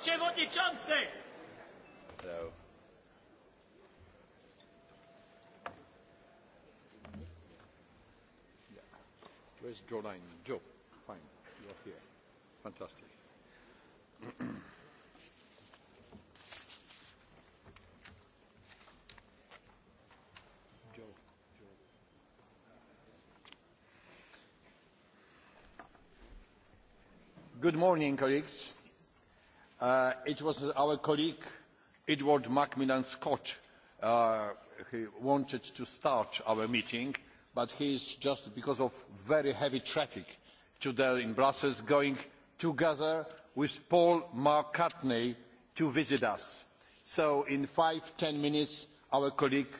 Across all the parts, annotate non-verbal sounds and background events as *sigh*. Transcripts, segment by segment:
przewodniczący! So. Yeah. Where's draw line? Joe, fine, you're here. Fantastic. *clears throat* Good morning, colleagues. Uh, it was our colleague Edward Macmillan Scott uh, he wanted to start our meeting, but he is just because of very heavy traffic today in Brussels going together with Paul McCartney to visit us. So in five, ten minutes, our colleague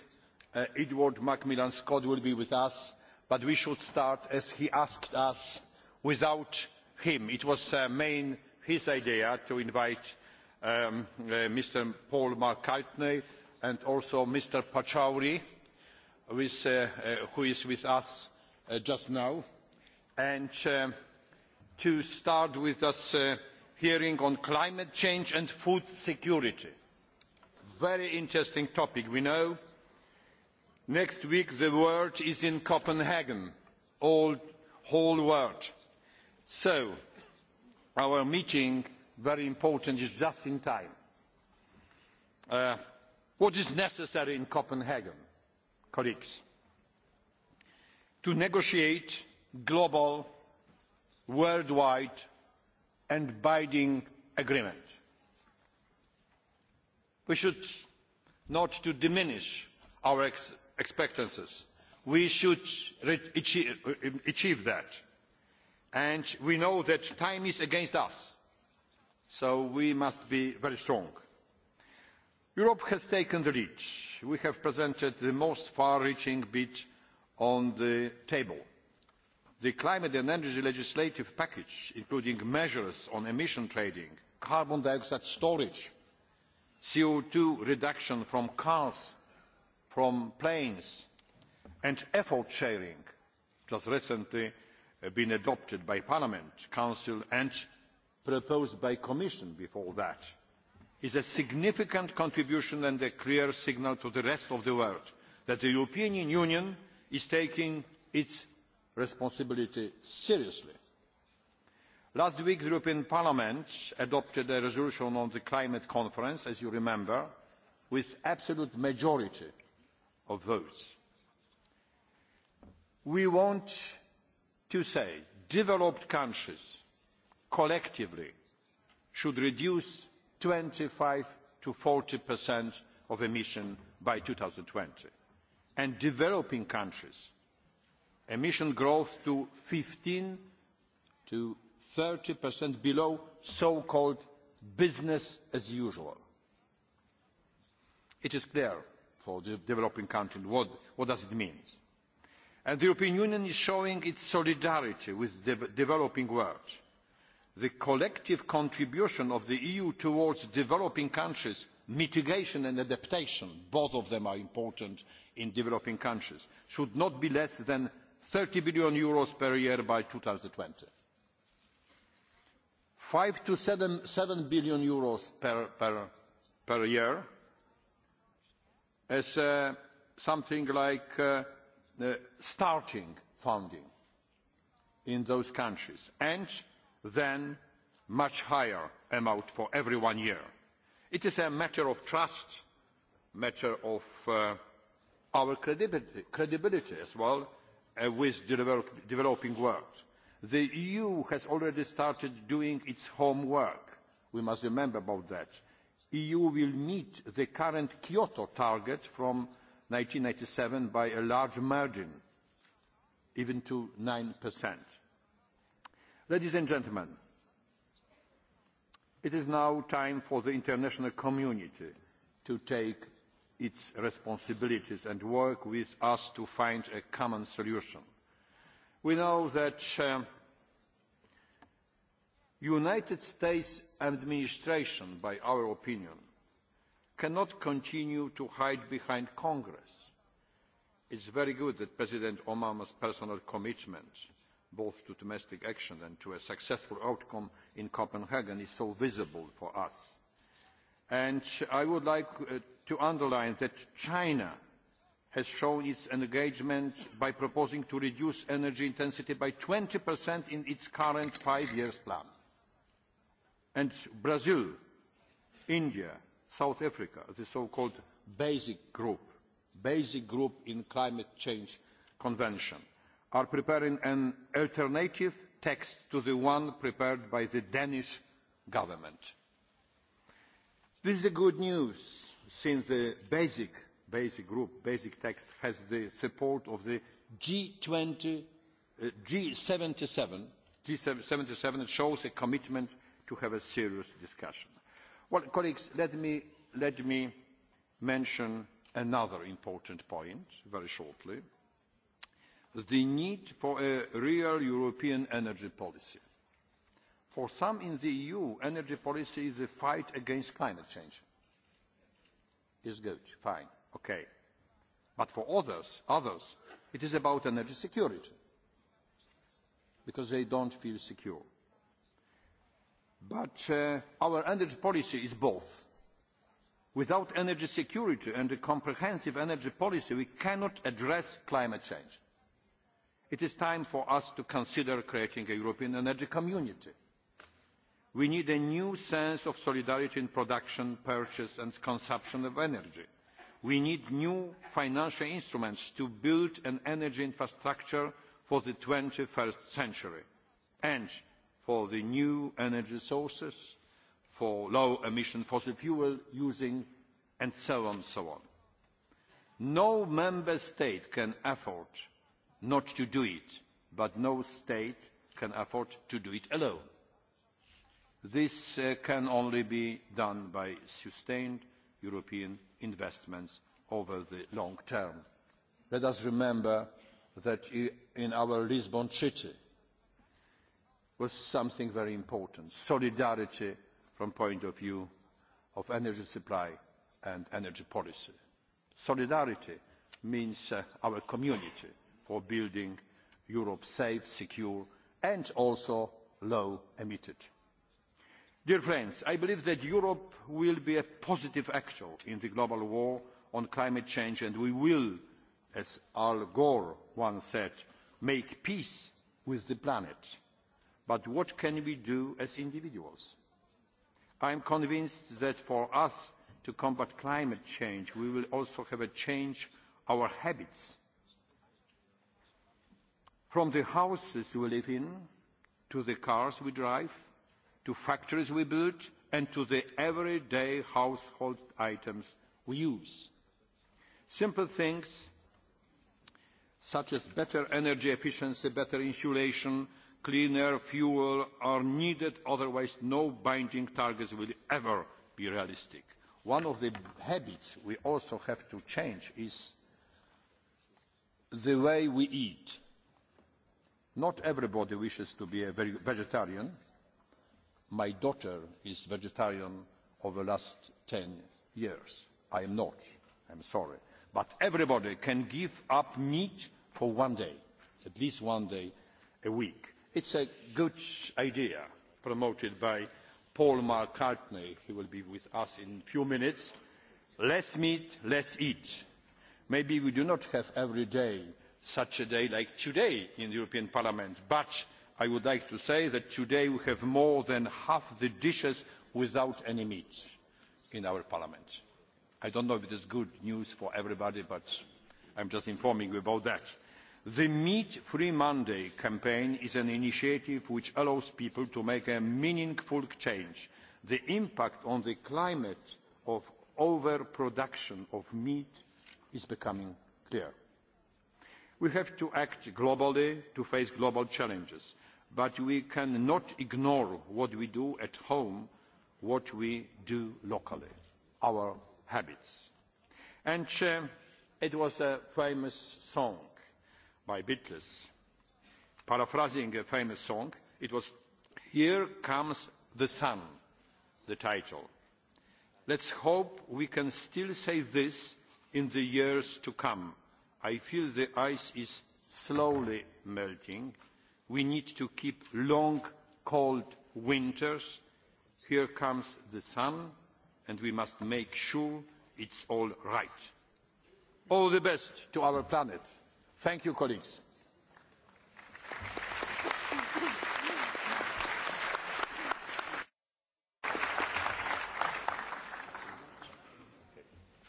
uh, Edward Macmillan Scott will be with us, but we should start as he asked us without him. It was the uh, main his idea to invite um, uh, Mr. Paul McCartney and also Mr. Pachauri, with, uh, uh, who is with us uh, just now, and uh, to start with us uh, hearing on climate change and food security. Very interesting topic, we know. Next week the world is in Copenhagen, all whole world. So, our meeting, very important, is just in time. Uh, what is necessary in Copenhagen, colleagues? To negotiate global, worldwide and binding agreement. We should not to diminish our ex We should achieve, achieve that and we know that time is against us. So we must be very strong. Europe has taken the lead. We have presented the most far-reaching bid on the table. The climate and energy legislative package, including measures on emission trading, carbon dioxide storage, co two reduction from cars, from planes, and effort sharing, just recently been adopted by Parliament, Council and proposed by Commission before that is a significant contribution and a clear signal to the rest of the world that the European Union is taking its responsibility seriously. Last week, the European Parliament adopted a resolution on the climate conference, as you remember, with absolute majority of votes. We want to say developed countries collectively should reduce twenty five to 40% of emissions by twenty and developing countries emission growth to fifteen to 30% below so-called business as usual. It is clear for the developing country what, what does it mean. And the European Union is showing its solidarity with the developing world. The collective contribution of the EU towards developing countries, mitigation and adaptation, both of them are important in developing countries, should not be less than EUR thirty billion Euros per year by twenty. Five to seven, billion Euros per, per, per year as uh, something like uh, starting funding in those countries and then much higher amount for every one year. It is a matter of trust, matter of uh, our credibility, credibility as well uh, with the develop, developing world. The EU has already started doing its homework. We must remember about that. EU will meet the current Kyoto target from ninety seven by a large margin, even to 9%. Ladies and gentlemen, it is now time for the international community to take its responsibilities and work with us to find a common solution. We know that uh, United States administration, by our opinion, cannot continue to hide behind Congress. It's very good that President Obama's personal commitment, both to domestic action and to a successful outcome in Copenhagen, is so visible for us. And I would like uh, to underline that China has shown its engagement by proposing to reduce energy intensity by 20% in its current five-year plan. And Brazil, India, South Africa, the so-called basic group, basic group in climate change convention, are preparing an alternative text to the one prepared by the Danish government. This is good news since the basic, basic group, basic text has the support of the G20, uh, G77. G77 shows a commitment to have a serious discussion. Well, colleagues, let me, let me mention another important point very shortly. The need for a real European energy policy. For some in the EU, energy policy is the fight against climate change. It's good, fine, okay. But for others, others, it is about energy security because they don't feel secure. But uh, our energy policy is both. Without energy security and a comprehensive energy policy, we cannot address climate change. It is time for us to consider creating a European energy community. We need a new sense of solidarity in production, purchase and consumption of energy. We need new financial instruments to build an energy infrastructure for the twenty first century. And for the new energy sources, for low emission fossil fuel using, and so on and so on. No member state can afford not to do it, but no state can afford to do it alone. This uh, can only be done by sustained European investments over the long term. Let us remember that in our Lisbon Treaty, was something very important, solidarity from the point of view of energy supply and energy policy. Solidarity means uh, our community for building Europe safe, secure and also low emitted. Dear friends, I believe that Europe will be a positive actor in the global war on climate change and we will, as Al Gore once said, make peace with the planet but what can we do as individuals? I am convinced that for us to combat climate change, we will also have a change our habits. From the houses we live in, to the cars we drive, to factories we build, and to the everyday household items we use. Simple things such as better energy efficiency, better insulation, cleaner fuel are needed, otherwise no binding targets will ever be realistic. One of the habits we also have to change is the way we eat. Not everybody wishes to be a vegetarian. My daughter is vegetarian over the last ten years. I am not, I'm sorry. But everybody can give up meat for one day, at least one day a week. It's a good idea promoted by Paul McCartney. He will be with us in a few minutes. Less meat, less eat. Maybe we do not have every day such a day like today in the European Parliament, but I would like to say that today we have more than half the dishes without any meat in our Parliament. I don't know if it is good news for everybody, but I am just informing you about that. The Meat Free Monday campaign is an initiative which allows people to make a meaningful change. The impact on the climate of overproduction of meat is becoming clear. We have to act globally to face global challenges, but we cannot ignore what we do at home, what we do locally, our habits. And uh, it was a famous song by Beatles. Paraphrasing a famous song, it was Here Comes the Sun, the title. Let's hope we can still say this in the years to come. I feel the ice is slowly melting. We need to keep long, cold winters. Here comes the sun, and we must make sure it's all right. All the best to our planet. Thank you, colleagues.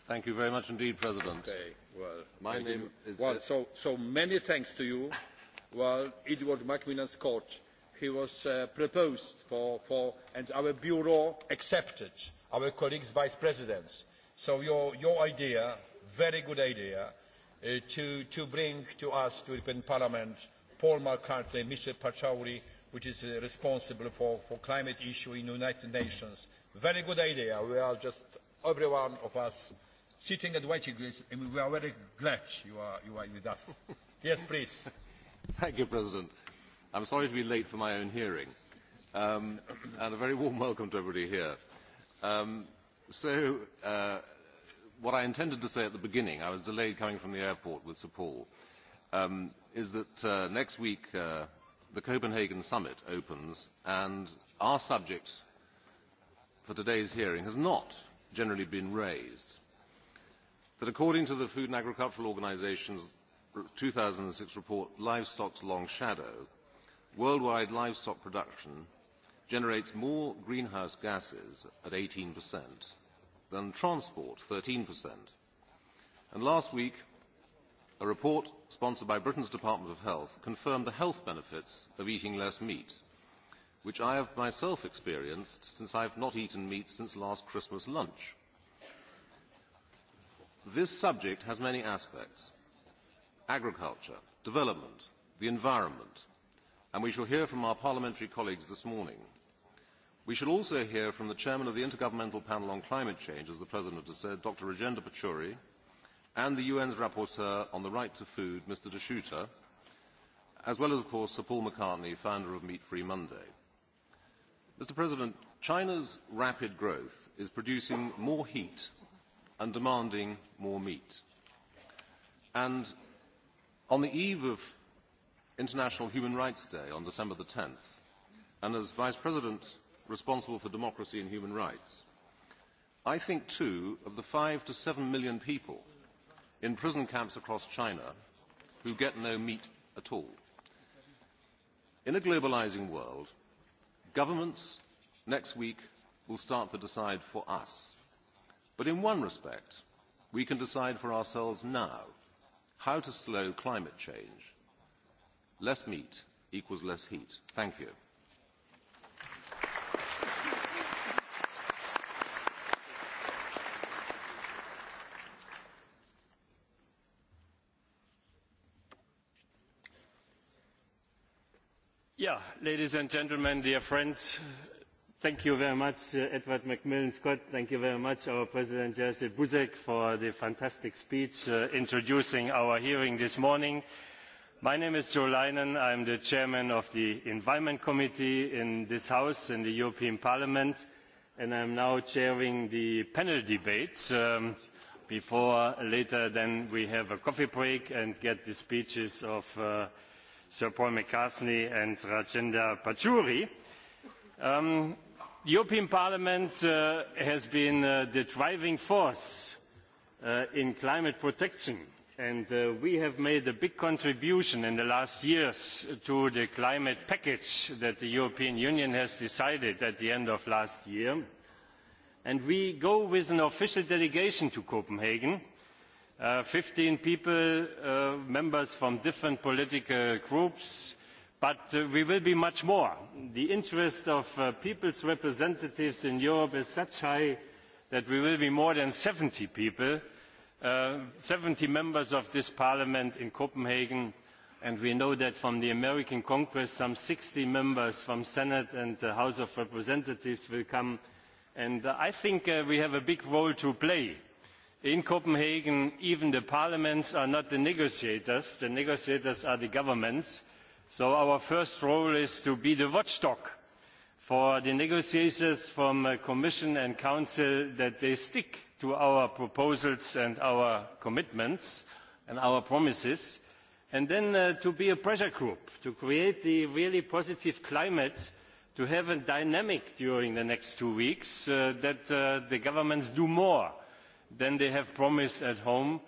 Thank you very much indeed, President. Okay, well, my thank name you. is... Well, uh, so, so many thanks to you. Well, Edward Macmillan's court, he was uh, proposed for, for, and our bureau accepted, our colleagues' vice presidents. So your, your idea, very good idea, Uh, to, to bring to us, to European Parliament, Paul McCartney, Mr. Pachauri, which is uh, responsible for, for climate issue in the United Nations. Very good idea. We are just, every one of us, sitting and waiting, and we are very glad you are, you are with us. *laughs* yes, please. Thank you, President. I'm sorry to be late for my own hearing, um, and a very warm welcome to everybody here. Um, so, uh, what I intended to say at the beginning, I was delayed coming from the airport with Sir Paul, um, is that uh, next week uh, the Copenhagen summit opens and our subject for today's hearing has not generally been raised. That according to the Food and Agricultural Organization's 2006 report, Livestock's Long Shadow, worldwide livestock production generates more greenhouse gases at 18 percent than transport, thirteen. And last week, a report sponsored by Britain's Department of Health confirmed the health benefits of eating less meat, which I have myself experienced since I have not eaten meat since last Christmas lunch. This subject has many aspects. Agriculture, development, the environment, and we shall hear from our parliamentary colleagues this morning We should also hear from the chairman of the Intergovernmental Panel on Climate Change, as the President has said, Dr. Rajendra Pachuri, and the UN's rapporteur on the right to food, Mr. De Schutter, as well as, of course, Sir Paul McCartney, founder of Meat Free Monday. Mr. President, China's rapid growth is producing more heat and demanding more meat. And on the eve of International Human Rights Day on December the 10th, and as Vice President responsible for democracy and human rights. I think, too, of the five to seven million people in prison camps across China who get no meat at all. In a globalising world, governments next week will start to decide for us. But in one respect, we can decide for ourselves now how to slow climate change. Less meat equals less heat. Thank you. Yeah, ladies and gentlemen, dear friends, thank you very much, uh, Edward Macmillan Scott. Thank you very much, our President Jerzy Buzek, for the fantastic speech uh, introducing our hearing this morning. My name is Joe Leinen. I am the chairman of the Environment Committee in this House, in the European Parliament, and I am now chairing the panel debate. Um, before later, then we have a coffee break and get the speeches of uh, Sir Paul McCartney and Rajendra Pachauri. Um, the European Parliament uh, has been uh, the driving force uh, in climate protection and uh, we have made a big contribution in the last years to the climate package that the European Union has decided at the end of last year. And we go with an official delegation to Copenhagen Uh, fifteen 15 people, uh, members from different political groups, but uh, we will be much more. The interest of uh, people's representatives in Europe is such high that we will be more than 70 people, uh, 70 members of this parliament in Copenhagen, and we know that from the American Congress some 60 members from Senate and the House of Representatives will come, and uh, I think uh, we have a big role to play in copenhagen even the parliaments are not the negotiators the negotiators are the governments so our first role is to be the watchdog for the negotiators from the uh, commission and council that they stick to our proposals and our commitments and our promises and then uh, to be a pressure group to create the really positive climate to have a dynamic during the next two weeks uh, that the governments do more than they have promised at home.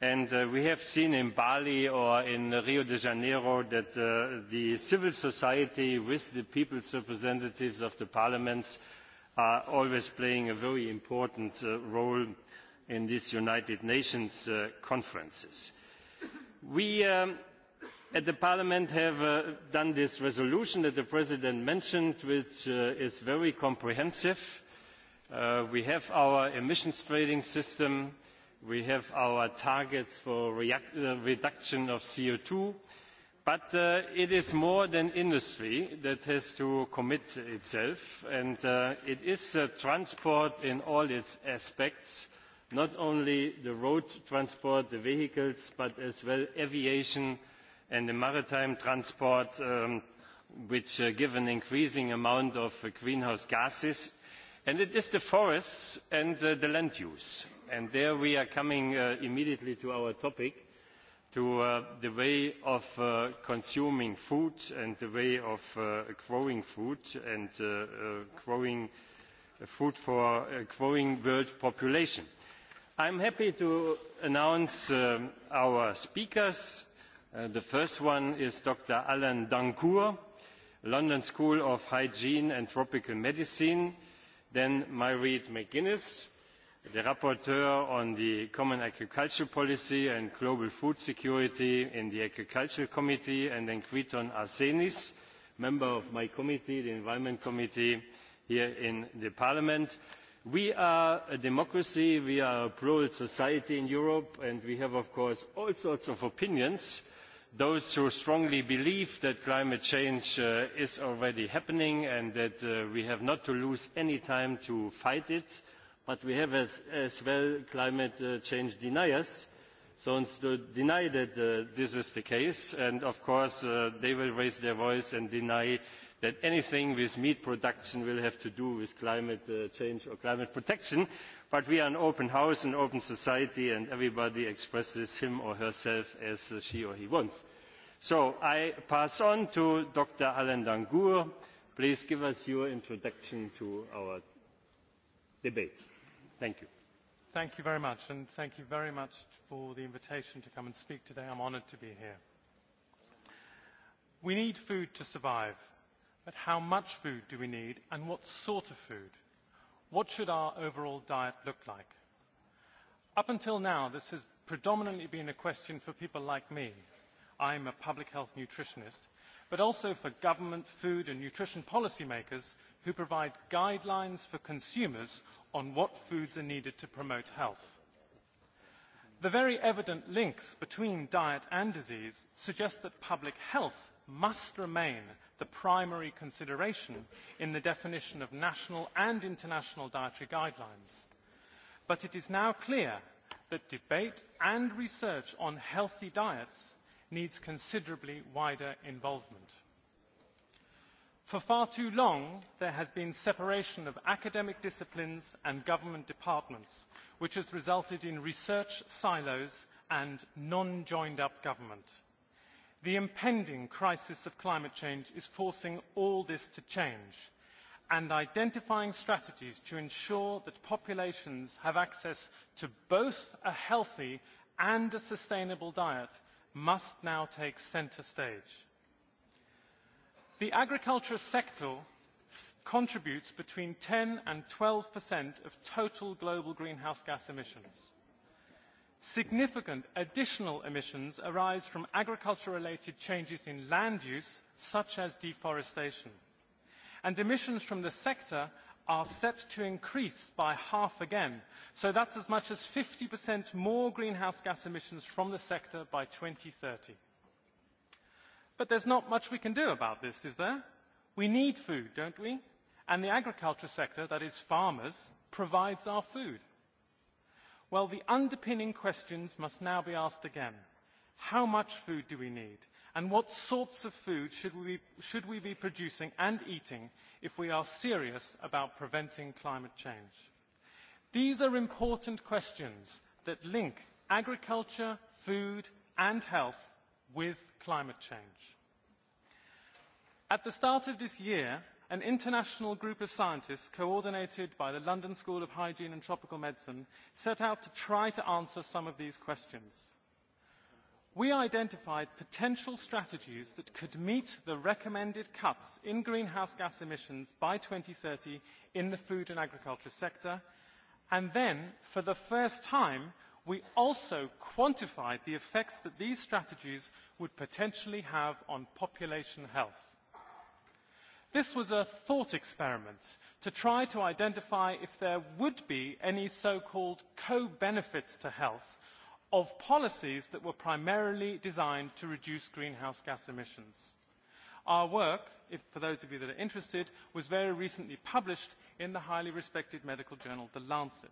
And uh, we have seen in Bali or in Rio de Janeiro that uh, the civil society with the people's representatives of the parliaments are always playing a very important uh, role in these United Nations uh, conferences. We um, at the Parliament have uh, done this resolution that the President mentioned, which uh, is very comprehensive Uh, we have our emissions trading system. We have our targets for react, uh, reduction of CO2. But uh, it is more than industry that has to commit itself. And uh, it is uh, transport in all its aspects, not only the road transport, the vehicles, but as well aviation and the maritime transport, um, which uh, give an increasing amount of uh, greenhouse gases And it is the forests and uh, the land use. And there we are coming uh, immediately to our topic, to uh, the way of uh, consuming food and the way of uh, growing food and uh, uh, growing uh, food for a uh, growing world population. I am happy to announce um, our speakers. Uh, the first one is Dr. Alan Dancourt, London School of Hygiene and Tropical Medicine, Then mairead McGuinness, the rapporteur on the Common Agricultural Policy and Global Food Security in the Agricultural Committee, and then Kriton Arsenis, member of my committee, the Environment Committee, here in the Parliament. We are a democracy, we are a plural society in Europe, and we have, of course, all sorts of opinions – those who strongly believe that climate change uh, is already happening and that uh, we have not to lose any time to fight it, but we have as, as well climate uh, change deniers, so to deny that uh, this is the case, and of course uh, they will raise their voice and deny that anything with meat production will have to do with climate uh, change or climate protection, But we are an open house, an open society, and everybody expresses him or herself as she or he wants. So I pass on to Dr. Alain Dangour. Please give us your introduction to our debate. Thank you. Thank you very much, and thank you very much for the invitation to come and speak today. I'm honoured to be here. We need food to survive, but how much food do we need, and what sort of food? What should our overall diet look like? Up until now, this has predominantly been a question for people like me. I'm a public health nutritionist, but also for government, food and nutrition policy makers who provide guidelines for consumers on what foods are needed to promote health. The very evident links between diet and disease suggest that public health must remain the primary consideration in the definition of national and international dietary guidelines. But it is now clear that debate and research on healthy diets needs considerably wider involvement. For far too long, there has been separation of academic disciplines and government departments, which has resulted in research silos and non-joined-up government. The impending crisis of climate change is forcing all this to change and identifying strategies to ensure that populations have access to both a healthy and a sustainable diet must now take centre stage. The agriculture sector contributes between 10 and 12% of total global greenhouse gas emissions. Significant additional emissions arise from agriculture-related changes in land use, such as deforestation. And emissions from the sector are set to increase by half again. So that's as much as 50% more greenhouse gas emissions from the sector by 2030. But there's not much we can do about this, is there? We need food, don't we? And the agriculture sector, that is farmers, provides our food. Well, the underpinning questions must now be asked again. How much food do we need? And what sorts of food should we, should we be producing and eating if we are serious about preventing climate change? These are important questions that link agriculture, food and health with climate change. At the start of this year, an international group of scientists coordinated by the London School of Hygiene and Tropical Medicine set out to try to answer some of these questions. We identified potential strategies that could meet the recommended cuts in greenhouse gas emissions by 2030 in the food and agriculture sector. And then, for the first time, we also quantified the effects that these strategies would potentially have on population health. This was a thought experiment to try to identify if there would be any so-called co-benefits to health of policies that were primarily designed to reduce greenhouse gas emissions. Our work, if, for those of you that are interested, was very recently published in the highly respected medical journal The Lancet.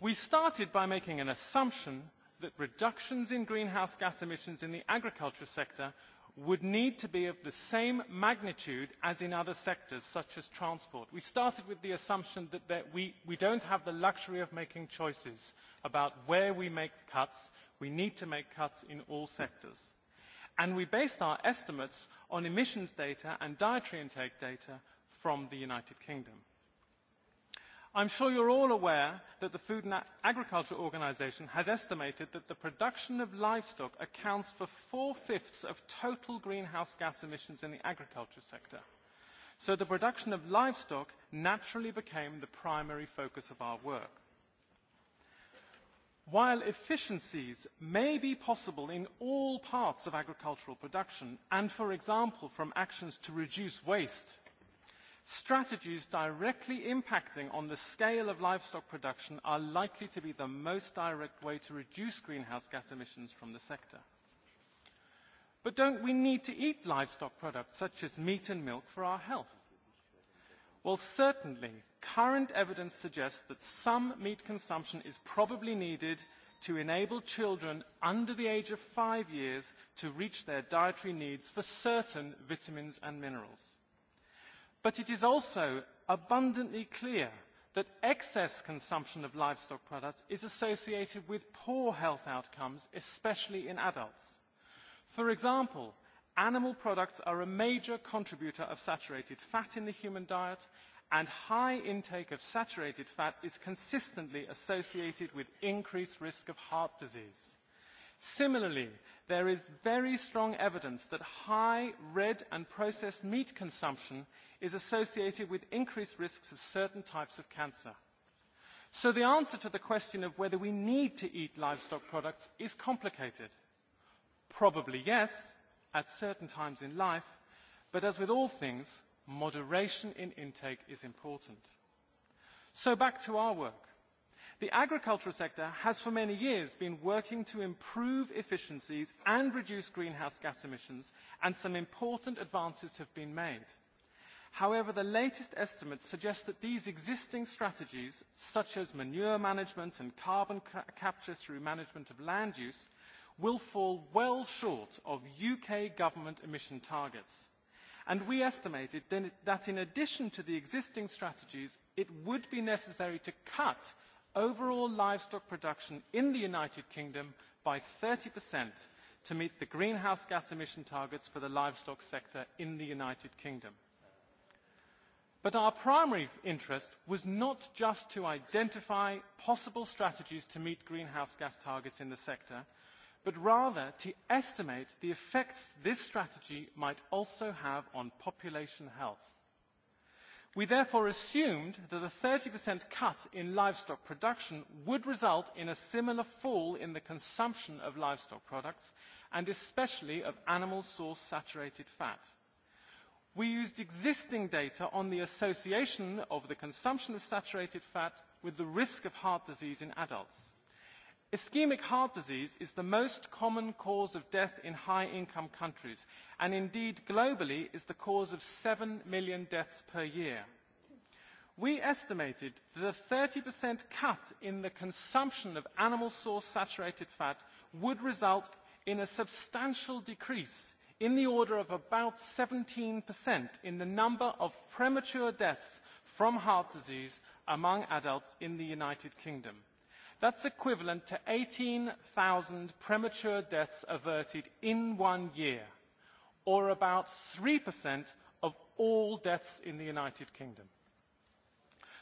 We started by making an assumption that reductions in greenhouse gas emissions in the agriculture sector would need to be of the same magnitude as in other sectors, such as transport. We started with the assumption that, that we, we don't have the luxury of making choices about where we make cuts. We need to make cuts in all sectors. And we based our estimates on emissions data and dietary intake data from the United Kingdom. I'm sure you're all aware that the Food and Agriculture Organization has estimated that the production of livestock accounts for four-fifths of total greenhouse gas emissions in the agriculture sector. So the production of livestock naturally became the primary focus of our work. While efficiencies may be possible in all parts of agricultural production, and for example from actions to reduce waste Strategies directly impacting on the scale of livestock production are likely to be the most direct way to reduce greenhouse gas emissions from the sector. But don't we need to eat livestock products such as meat and milk for our health? Well, certainly, current evidence suggests that some meat consumption is probably needed to enable children under the age of five years to reach their dietary needs for certain vitamins and minerals. But it is also abundantly clear that excess consumption of livestock products is associated with poor health outcomes, especially in adults. For example, animal products are a major contributor of saturated fat in the human diet, and high intake of saturated fat is consistently associated with increased risk of heart disease. Similarly, there is very strong evidence that high red and processed meat consumption is associated with increased risks of certain types of cancer. So the answer to the question of whether we need to eat livestock products is complicated. Probably yes, at certain times in life, but as with all things, moderation in intake is important. So back to our work. The agricultural sector has for many years been working to improve efficiencies and reduce greenhouse gas emissions, and some important advances have been made. However, the latest estimates suggest that these existing strategies, such as manure management and carbon ca capture through management of land use, will fall well short of UK government emission targets. And we estimated that in addition to the existing strategies, it would be necessary to cut overall livestock production in the United Kingdom by 30% to meet the greenhouse gas emission targets for the livestock sector in the United Kingdom. But our primary interest was not just to identify possible strategies to meet greenhouse gas targets in the sector, but rather to estimate the effects this strategy might also have on population health. We therefore assumed that a 30% cut in livestock production would result in a similar fall in the consumption of livestock products and especially of animal source saturated fat we used existing data on the association of the consumption of saturated fat with the risk of heart disease in adults. Ischemic heart disease is the most common cause of death in high-income countries and indeed globally is the cause of 7 million deaths per year. We estimated that a 30% cut in the consumption of animal source saturated fat would result in a substantial decrease in the order of about 17% in the number of premature deaths from heart disease among adults in the United Kingdom. That's equivalent to 18,000 premature deaths averted in one year, or about 3% of all deaths in the United Kingdom.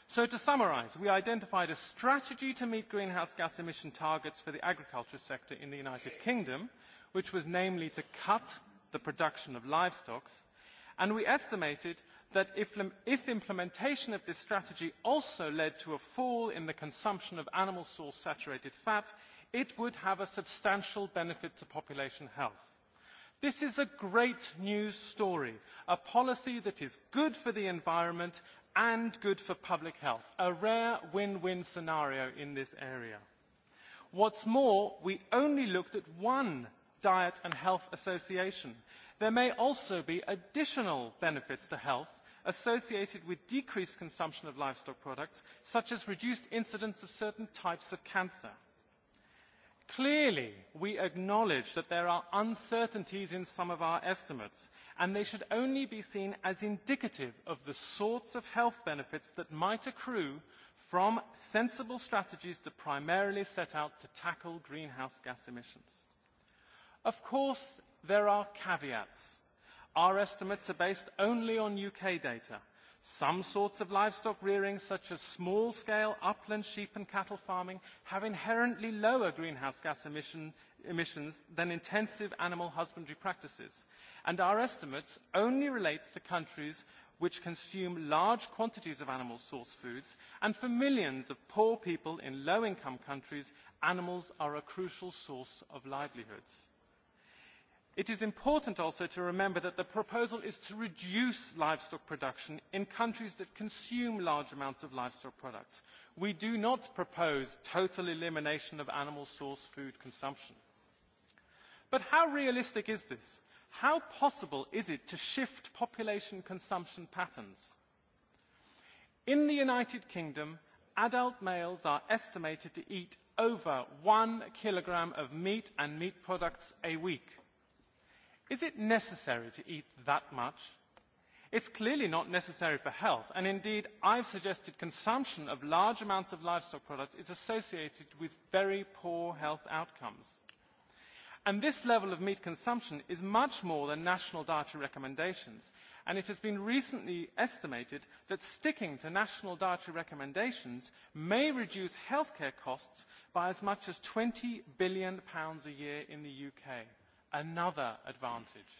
So to summarise, we identified a strategy to meet greenhouse gas emission targets for the agriculture sector in the United Kingdom, which was namely to cut the production of livestock, and we estimated that if, if implementation of this strategy also led to a fall in the consumption of animal source saturated fat, it would have a substantial benefit to population health. This is a great news story, a policy that is good for the environment and good for public health, a rare win-win scenario in this area. What's more, we only looked at one Diet and Health Association. There may also be additional benefits to health associated with decreased consumption of livestock products, such as reduced incidence of certain types of cancer. Clearly, we acknowledge that there are uncertainties in some of our estimates, and they should only be seen as indicative of the sorts of health benefits that might accrue from sensible strategies that primarily set out to tackle greenhouse gas emissions. Of course, there are caveats. Our estimates are based only on UK data. Some sorts of livestock rearing, such as small-scale upland sheep and cattle farming, have inherently lower greenhouse gas emission, emissions than intensive animal husbandry practices. And our estimates only relate to countries which consume large quantities of animal source foods, and for millions of poor people in low-income countries, animals are a crucial source of livelihoods. It is important also to remember that the proposal is to reduce livestock production in countries that consume large amounts of livestock products. We do not propose total elimination of animal source food consumption. But how realistic is this? How possible is it to shift population consumption patterns? In the United Kingdom, adult males are estimated to eat over one kilogram of meat and meat products a week. Is it necessary to eat that much? It's clearly not necessary for health, and indeed, I've suggested consumption of large amounts of livestock products is associated with very poor health outcomes. And this level of meat consumption is much more than national dietary recommendations, and it has been recently estimated that sticking to national dietary recommendations may reduce healthcare costs by as much as £20 billion a year in the UK another advantage.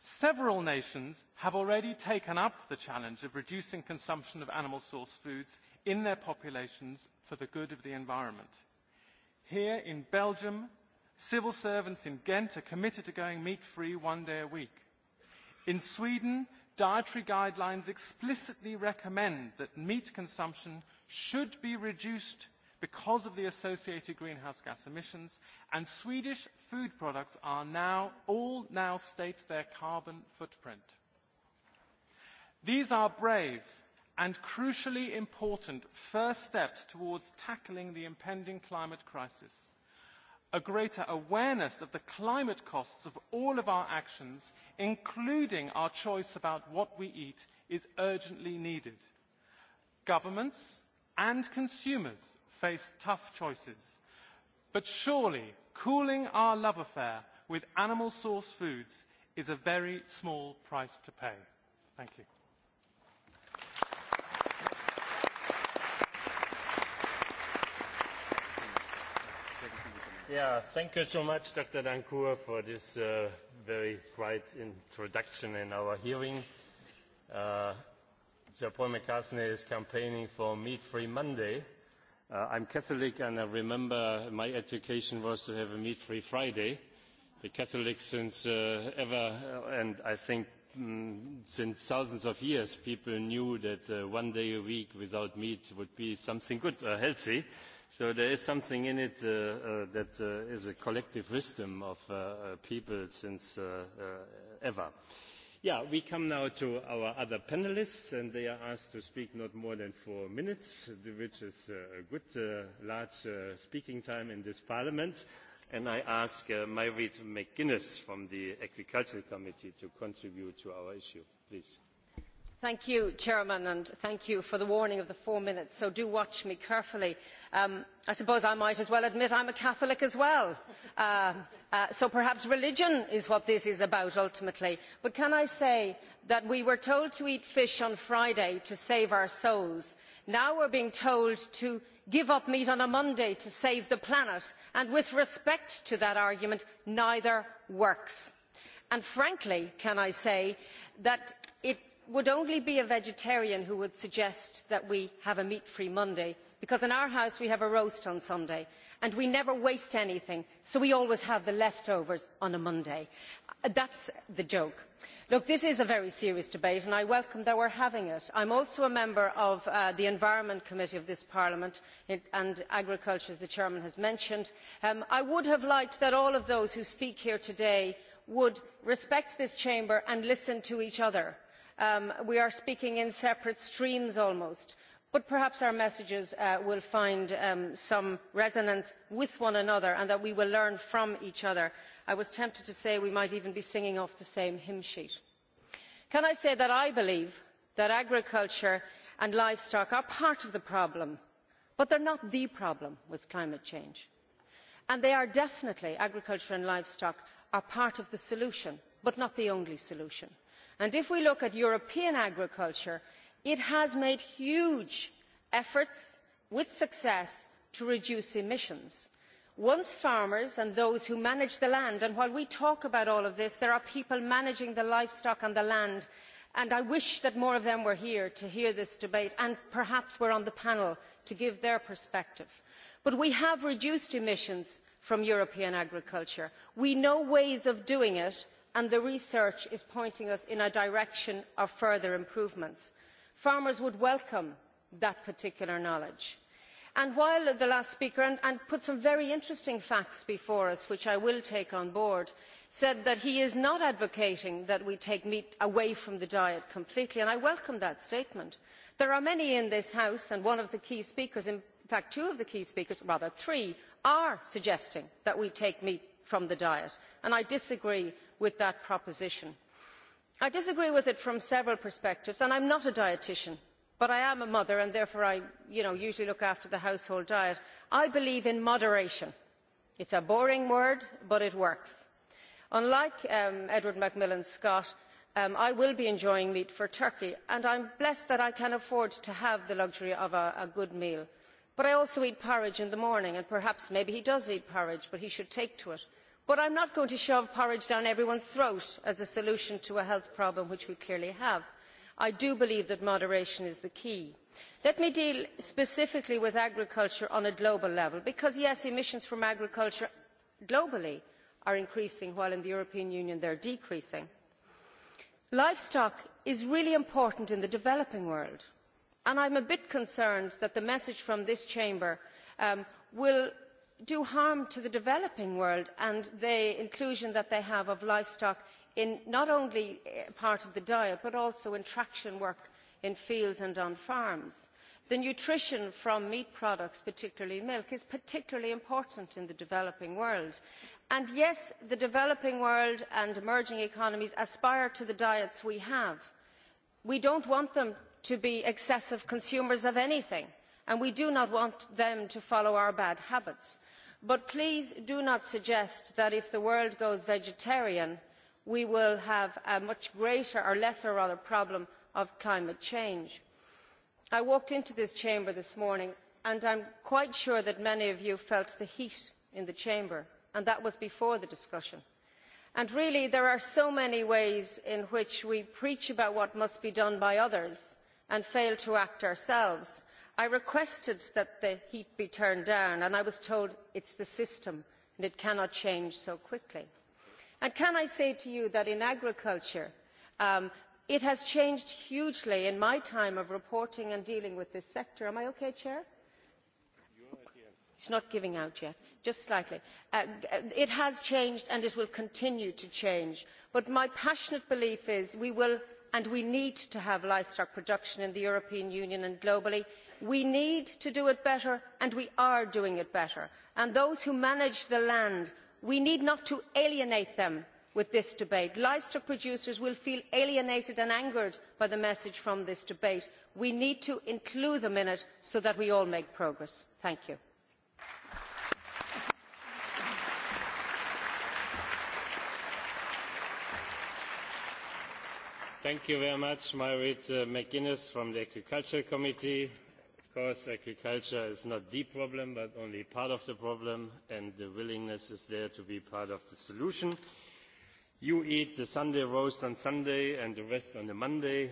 Several nations have already taken up the challenge of reducing consumption of animal source foods in their populations for the good of the environment. Here in Belgium, civil servants in Ghent are committed to going meat-free one day a week. In Sweden, dietary guidelines explicitly recommend that meat consumption should be reduced because of the associated greenhouse gas emissions, and Swedish food products are now, all now state their carbon footprint. These are brave and crucially important first steps towards tackling the impending climate crisis. A greater awareness of the climate costs of all of our actions, including our choice about what we eat, is urgently needed. Governments and consumers face tough choices. But surely cooling our love affair with animal source foods is a very small price to pay. Thank you. Yeah, thank you so much, Dr. Dancour, for this uh, very bright introduction in our hearing. Uh, Sir Paul McCartney is campaigning for Meat Free Monday Uh, I'm Catholic and I remember my education was to have a meat-free Friday. The Catholic since uh, ever, uh, and I think mm, since thousands of years, people knew that uh, one day a week without meat would be something good or uh, healthy. So there is something in it uh, uh, that uh, is a collective wisdom of uh, uh, people since uh, uh, ever. Yeah, we come now to our other panelists, and they are asked to speak not more than four minutes, which is uh, a good uh, large uh, speaking time in this parliament. And I ask uh, Mairead McGuinness from the Agricultural Committee to contribute to our issue, please. Thank you, Chairman, and thank you for the warning of the four minutes, so do watch me carefully. Um, I suppose I might as well admit I'm a Catholic as well. Um, Uh, so perhaps religion is what this is about ultimately. But can I say that we were told to eat fish on Friday to save our souls. Now we are being told to give up meat on a Monday to save the planet. And with respect to that argument, neither works. And frankly, can I say that it would only be a vegetarian who would suggest that we have a meat-free Monday because in our house we have a roast on Sunday and we never waste anything so we always have the leftovers on a monday. Uh, that is the joke. Look, this is a very serious debate and i welcome that we are having it. i am also a member of uh, the environment committee of this parliament and agriculture as the chairman has mentioned. Um, i would have liked that all of those who speak here today would respect this chamber and listen to each other. Um, we are speaking in separate streams almost but perhaps our messages uh, will find um, some resonance with one another and that we will learn from each other. I was tempted to say we might even be singing off the same hymn sheet. Can I say that I believe that agriculture and livestock are part of the problem, but they are not the problem with climate change. And they are definitely, agriculture and livestock, are part of the solution, but not the only solution. And if we look at European agriculture, it has made huge efforts with success to reduce emissions. once farmers and those who manage the land and while we talk about all of this there are people managing the livestock and the land and i wish that more of them were here to hear this debate and perhaps were on the panel to give their perspective but we have reduced emissions from european agriculture. we know ways of doing it and the research is pointing us in a direction of further improvements farmers would welcome that particular knowledge. And while the last speaker and, and put some very interesting facts before us which i will take on board said that he is not advocating that we take meat away from the diet completely and i welcome that statement there are many in this house and one of the key speakers in fact two of the key speakers rather three are suggesting that we take meat from the diet and i disagree with that proposition I disagree with it from several perspectives, and I am not a dietitian, but I am a mother, and therefore I usually look after the household diet. I believe in moderation. It's a boring word, but it works. Unlike um, Edward Macmillan Scott, um, i will be enjoying meat for turkey and i am blessed that i can afford to have the luxury of a, a good meal but i also eat porridge in the morning and perhaps maybe he does eat porridge but he should take to it. But I am not going to shove porridge down everyone's throat as a solution to a health problem which we clearly have. I do believe that moderation is the key. Let me deal specifically with agriculture on a global level because yes, emissions from agriculture globally are increasing while in the European Union they are decreasing. Livestock is really important in the developing world and I am a bit concerned that the message from this chamber um, will do harm to the developing world and the inclusion that they have of livestock in not only eh, part of the diet but also in traction work in fields and on farms. The nutrition from meat products, particularly milk, is particularly important in the developing world. And yes, the developing world and emerging economies aspire to the diets we have. We do not want them to be excessive consumers of anything, and we do not want them to follow our bad habits but please do not suggest that if the world goes vegetarian we will have a much greater or lesser rather problem of climate change. i walked into this chamber this morning and i am quite sure that many of you felt the heat in the chamber and that was before the discussion. And really there are so many ways in which we preach about what must be done by others and fail to act ourselves I requested that the heat be turned down and I was told it is the system and it cannot change so quickly. And can I say to you that in agriculture, um, it has changed hugely in my time of reporting and dealing with this sector. Am I okay, Chair? It's not giving out yet, just slightly. Uh, it has changed and it will continue to change. But my passionate belief is we will and we need to have livestock production in the European Union and globally we need to do it better and we are doing it better and those who manage the land we need not to alienate them with this debate. livestock producers will feel alienated and angered by the message from this debate. we need to include them in it so that we all make progress. thank you. Thank you very much, uh, McGuinness from the Agriculture Committee course, agriculture is not the problem, but only part of the problem, and the willingness is there to be part of the solution. You eat the Sunday roast on Sunday and the rest on the Monday.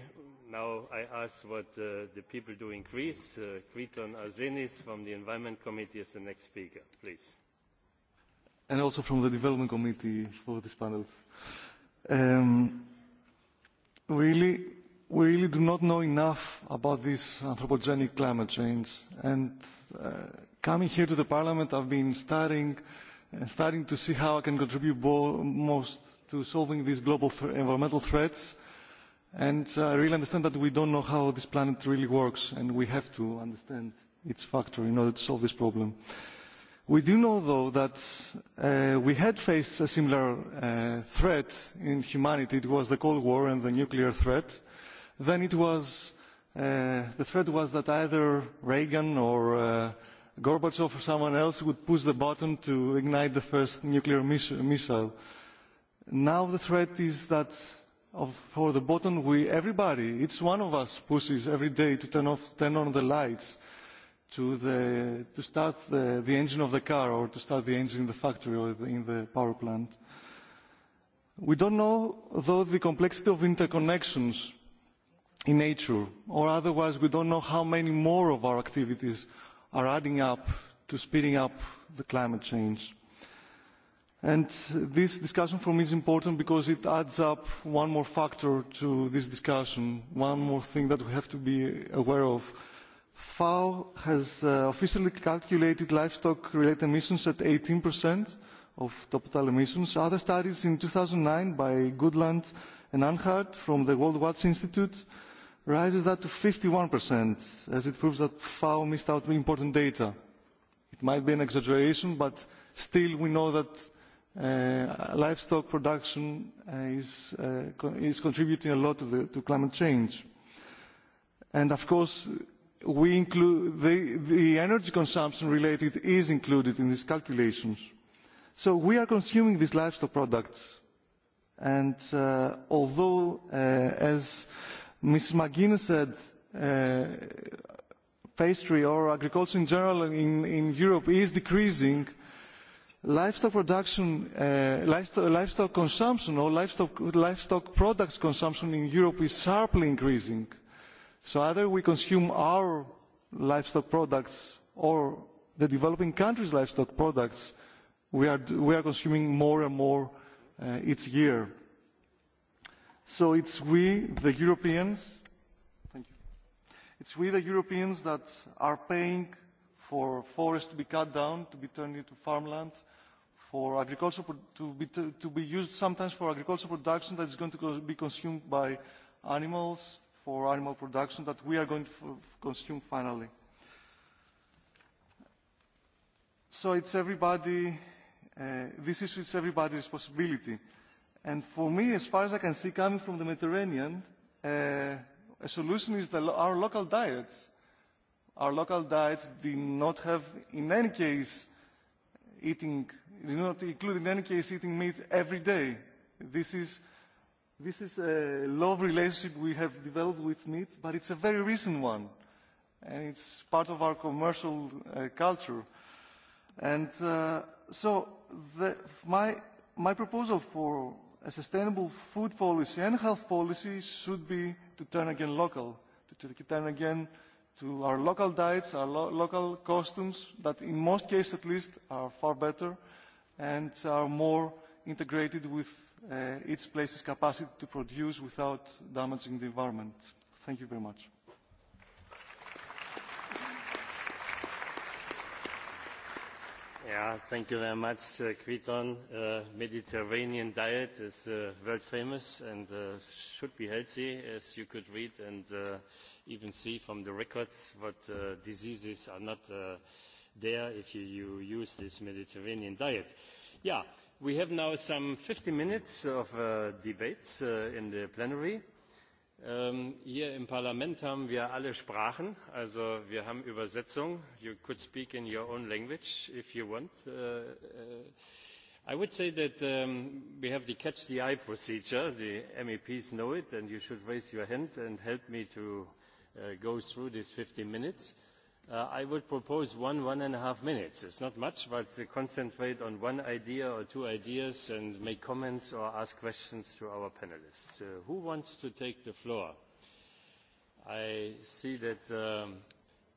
Now I ask what uh, the people do in Greece. Uh, Kriton Arsenis from the Environment Committee is the next speaker, please. And also from the Development Committee for this panel. Um, really, we really do not know enough about this anthropogenic climate change. And uh, coming here to the Parliament, I've been studying and uh, starting to see how I can contribute bo most to solving these global th environmental threats. And uh, I really understand that we don't know how this planet really works, and we have to understand its factor in order to solve this problem. We do know, though, that uh, we had faced a similar uh, threat in humanity. It was the Cold War and the nuclear threat. Uh, Then it was, uh, the threat was that either Reagan or uh, Gorbachev or someone else would push the button to ignite the first nuclear miss missile. Now the threat is that of, for the button we, everybody, each one of us pushes every day to turn, off, turn on the lights, to, the, to start the, the engine of the car or to start the engine in the factory or the, in the power plant. We don't know, though, the complexity of interconnections in nature, or otherwise we don't know how many more of our activities are adding up to speeding up the climate change. And this discussion for me is important because it adds up one more factor to this discussion, one more thing that we have to be aware of. FAO has uh, officially calculated livestock-related emissions at 18% of total emissions. Other studies in 2009 by Goodland and Anhart from the World Watch Institute rises that to 51%, as it proves that FAO missed out important data. It might be an exaggeration, but still we know that uh, livestock production uh, is, uh, co is contributing a lot to, the, to climate change. And of course, we include the, the energy consumption related is included in these calculations. So we are consuming these livestock products. And uh, although, uh, as Ms. McGuinness said uh, pastry or agriculture in general in, in Europe is decreasing, livestock production, uh, livestock, livestock consumption or livestock, livestock products consumption in Europe is sharply increasing. So either we consume our livestock products or the developing countries' livestock products, we are, we are consuming more and more uh, each year. So it's we, the Europeans, thank you. It's we, the Europeans, that are paying for forests to be cut down, to be turned into farmland, for agriculture to be, to, to be used sometimes for agricultural production that is going to be consumed by animals, for animal production that we are going to f consume finally. So it's everybody, uh, this issue is everybody's responsibility. And for me, as far as I can see, coming from the Mediterranean, uh, a solution is the, our local diets. Our local diets do not have, in any case, eating, do not include in any case eating meat every day. This is, this is a love relationship we have developed with meat, but it's a very recent one. And it's part of our commercial uh, culture. And uh, so the, my, my proposal for a sustainable food policy and health policy should be to turn again local, to, turn again to our local diets, our lo local costumes that in most cases at least are far better and are more integrated with uh, each place's capacity to produce without damaging the environment. Thank you very much. Yeah, thank you very much, uh, Kviton. Uh, Mediterranean diet is uh, world famous and uh, should be healthy, as you could read and uh, even see from the records what uh, diseases are not uh, there if you, you use this Mediterranean diet. Yeah, we have now some 50 minutes of uh, debates uh, in the plenary. Um, hier im Parlament haben wir alle Sprachen, also wir haben Übersetzung. You could speak in your own language if you want. Uh, uh, I would say that um, we have the catch the eye procedure. The MEPs know it and you should raise your hand and help me to uh, go through these 15 minutes. Uh, I would propose one, one and a half minutes. It's not much, but uh, concentrate on one idea or two ideas and make comments or ask questions to our panelists. Uh, who wants to take the floor? I see that um,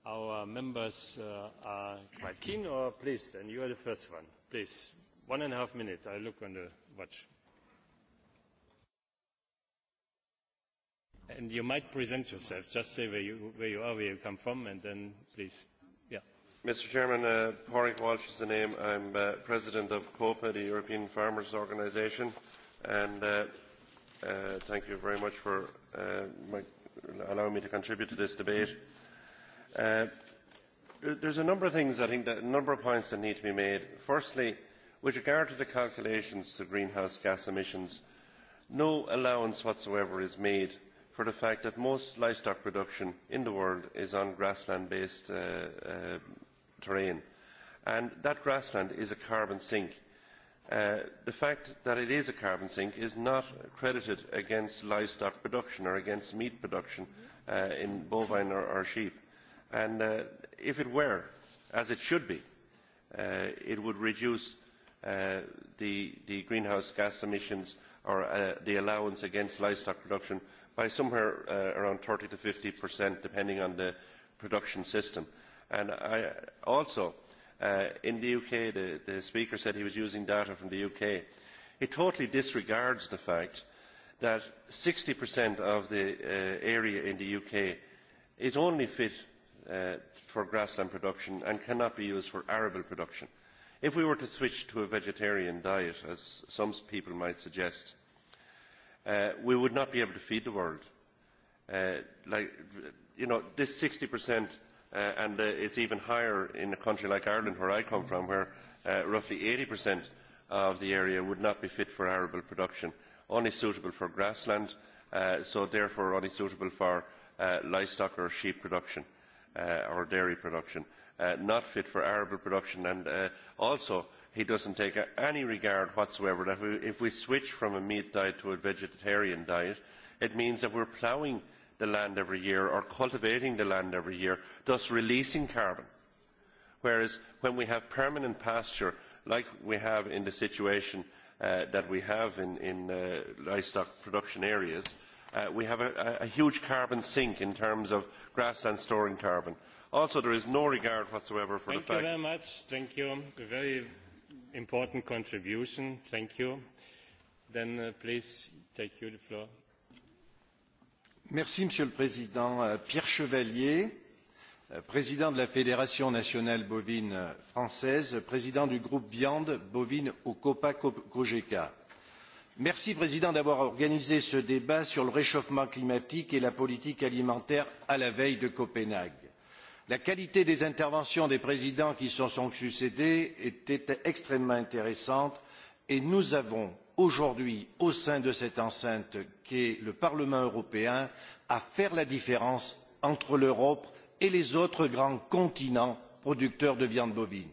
our members uh, are quite keen, or please, then you are the first one. Please, one and a half minutes. I look on the watch. And you might present yourself. Just say where you, where you are, where you come from, and then please. Yeah. Mr. Chairman, uh, Porrick Walsh is the name. I'm uh, president of COPA, the European Farmers Organization, and uh, uh, thank you very much for uh, my, allowing me to contribute to this debate. Uh, there's a number of things, I think, that, a number of points that need to be made. Firstly, with regard to the calculations to greenhouse gas emissions, no allowance whatsoever is made for the fact that most livestock production in the world is on grassland-based uh, uh, terrain. And that grassland is a carbon sink. Uh, the fact that it is a carbon sink is not credited against livestock production or against meat production uh, in bovine or, or sheep. And uh, if it were, as it should be, uh, it would reduce uh, the, the greenhouse gas emissions or uh, the allowance against livestock production by somewhere uh, around 30 to 50 percent, depending on the production system. And I also, uh, in the UK, the, the speaker said he was using data from the UK. It totally disregards the fact that 60% of the uh, area in the UK is only fit uh, for grassland production and cannot be used for arable production. If we were to switch to a vegetarian diet, as some people might suggest, uh, uh, we would not be able to feed the world. Uh, like, you know, this 60%, uh, and uh, it's even higher in a country like Ireland, where I come from, where uh, roughly 80% of the area would not be fit for arable production, only suitable for grassland, uh, so therefore only suitable for uh, livestock or sheep production uh, or dairy production, uh, not fit for arable production, and uh, also he doesn't take any regard whatsoever that if we, if we switch from a meat diet to a vegetarian diet, it means that we're ploughing the land every year or cultivating the land every year, thus releasing carbon. Whereas when we have permanent pasture, like we have in the situation uh, that we have in, in uh, livestock production areas, uh, we have a, a huge carbon sink in terms of grassland storing carbon. Also, there is no regard whatsoever for Thank the fact... Thank you very much. Thank you. Very important contribution. Thank you. Then uh, please take you the floor. Merci, Monsieur le Président. Euh, Pierre Chevalier, euh, président de la Fédération nationale bovine française, président du groupe viande bovine au Copa Cogeca. Merci, Président, d'avoir organisé ce débat sur le réchauffement climatique et la politique alimentaire à la veille de Copenhague La qualité des interventions des présidents qui se sont succédés était extrêmement intéressante et nous avons aujourd'hui au sein de cette enceinte qu'est le Parlement européen à faire la différence entre l'Europe et les autres grands continents producteurs de viande bovine.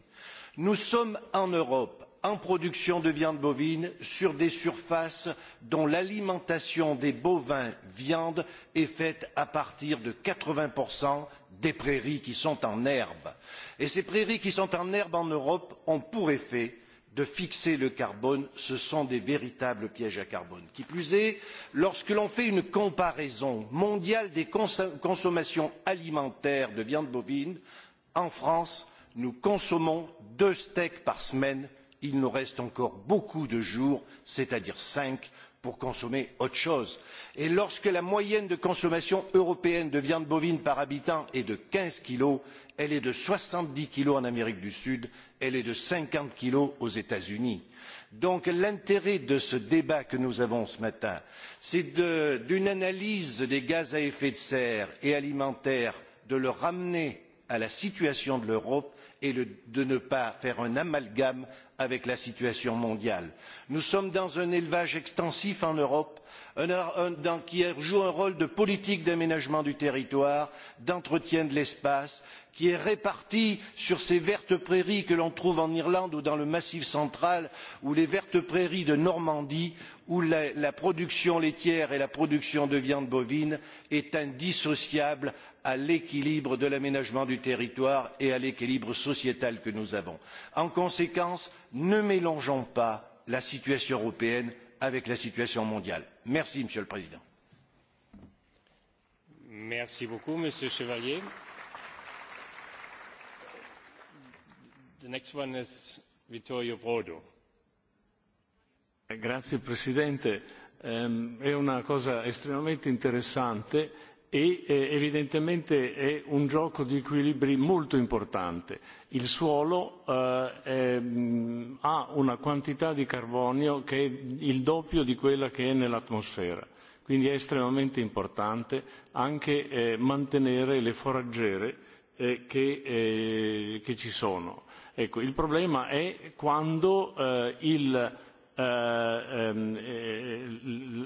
Nous sommes en Europe en production de viande bovine sur des surfaces dont l'alimentation des bovins viande est faite à partir de quatre 80% des prairies qui sont en herbe. Et ces prairies qui sont en herbe en Europe ont pour effet de fixer le carbone, ce sont des véritables pièges à carbone. Qui plus est, lorsque l'on fait une comparaison mondiale des cons consommations alimentaires de viande bovine, en France, nous consommons deux steaks par semaine il nous reste encore beaucoup de jours, c'est-à-dire cinq, pour consommer autre chose. Et lorsque la moyenne de consommation européenne de viande bovine par habitant est de quinze kilos, elle est de soixante dix kg en Amérique du Sud, elle est de cinquante kg aux États-Unis. Donc l'intérêt de ce débat que nous avons ce matin, c'est d'une analyse des gaz à effet de serre et alimentaires, de le ramener à la situation de l'Europe et de ne pas faire un amalgame avec la situation mondiale. Nous sommes dans un élevage extensif en Europe un, un, dans, qui joue un rôle de politique d'aménagement du territoire, d'entretien de l'espace, qui est réparti sur ces vertes prairies que l'on trouve en Irlande ou dans le Massif central ou les vertes prairies de Normandie où la, la production laitière et la production de viande bovine est indissociable à l'équilibre de l'aménagement du territoire et à l'équilibre sociétal que nous avons. En conséquence, ne mélangeons pas la situation européenne avec la situation mondiale. Merci, Monsieur le Président. Merci beaucoup, Monsieur Chevalier. The next one is Vittorio Brodo. Grazie Presidente, ehm, è una cosa estremamente interessante e eh, evidentemente è un gioco di equilibri molto importante. Il suolo eh, è, mm, ha una quantità di carbonio che è il doppio di quella che è nell'atmosfera, quindi è estremamente importante anche eh, mantenere le foraggere eh, che, eh, che ci sono. Ecco, il problema è quando eh, il Eh, eh, eh,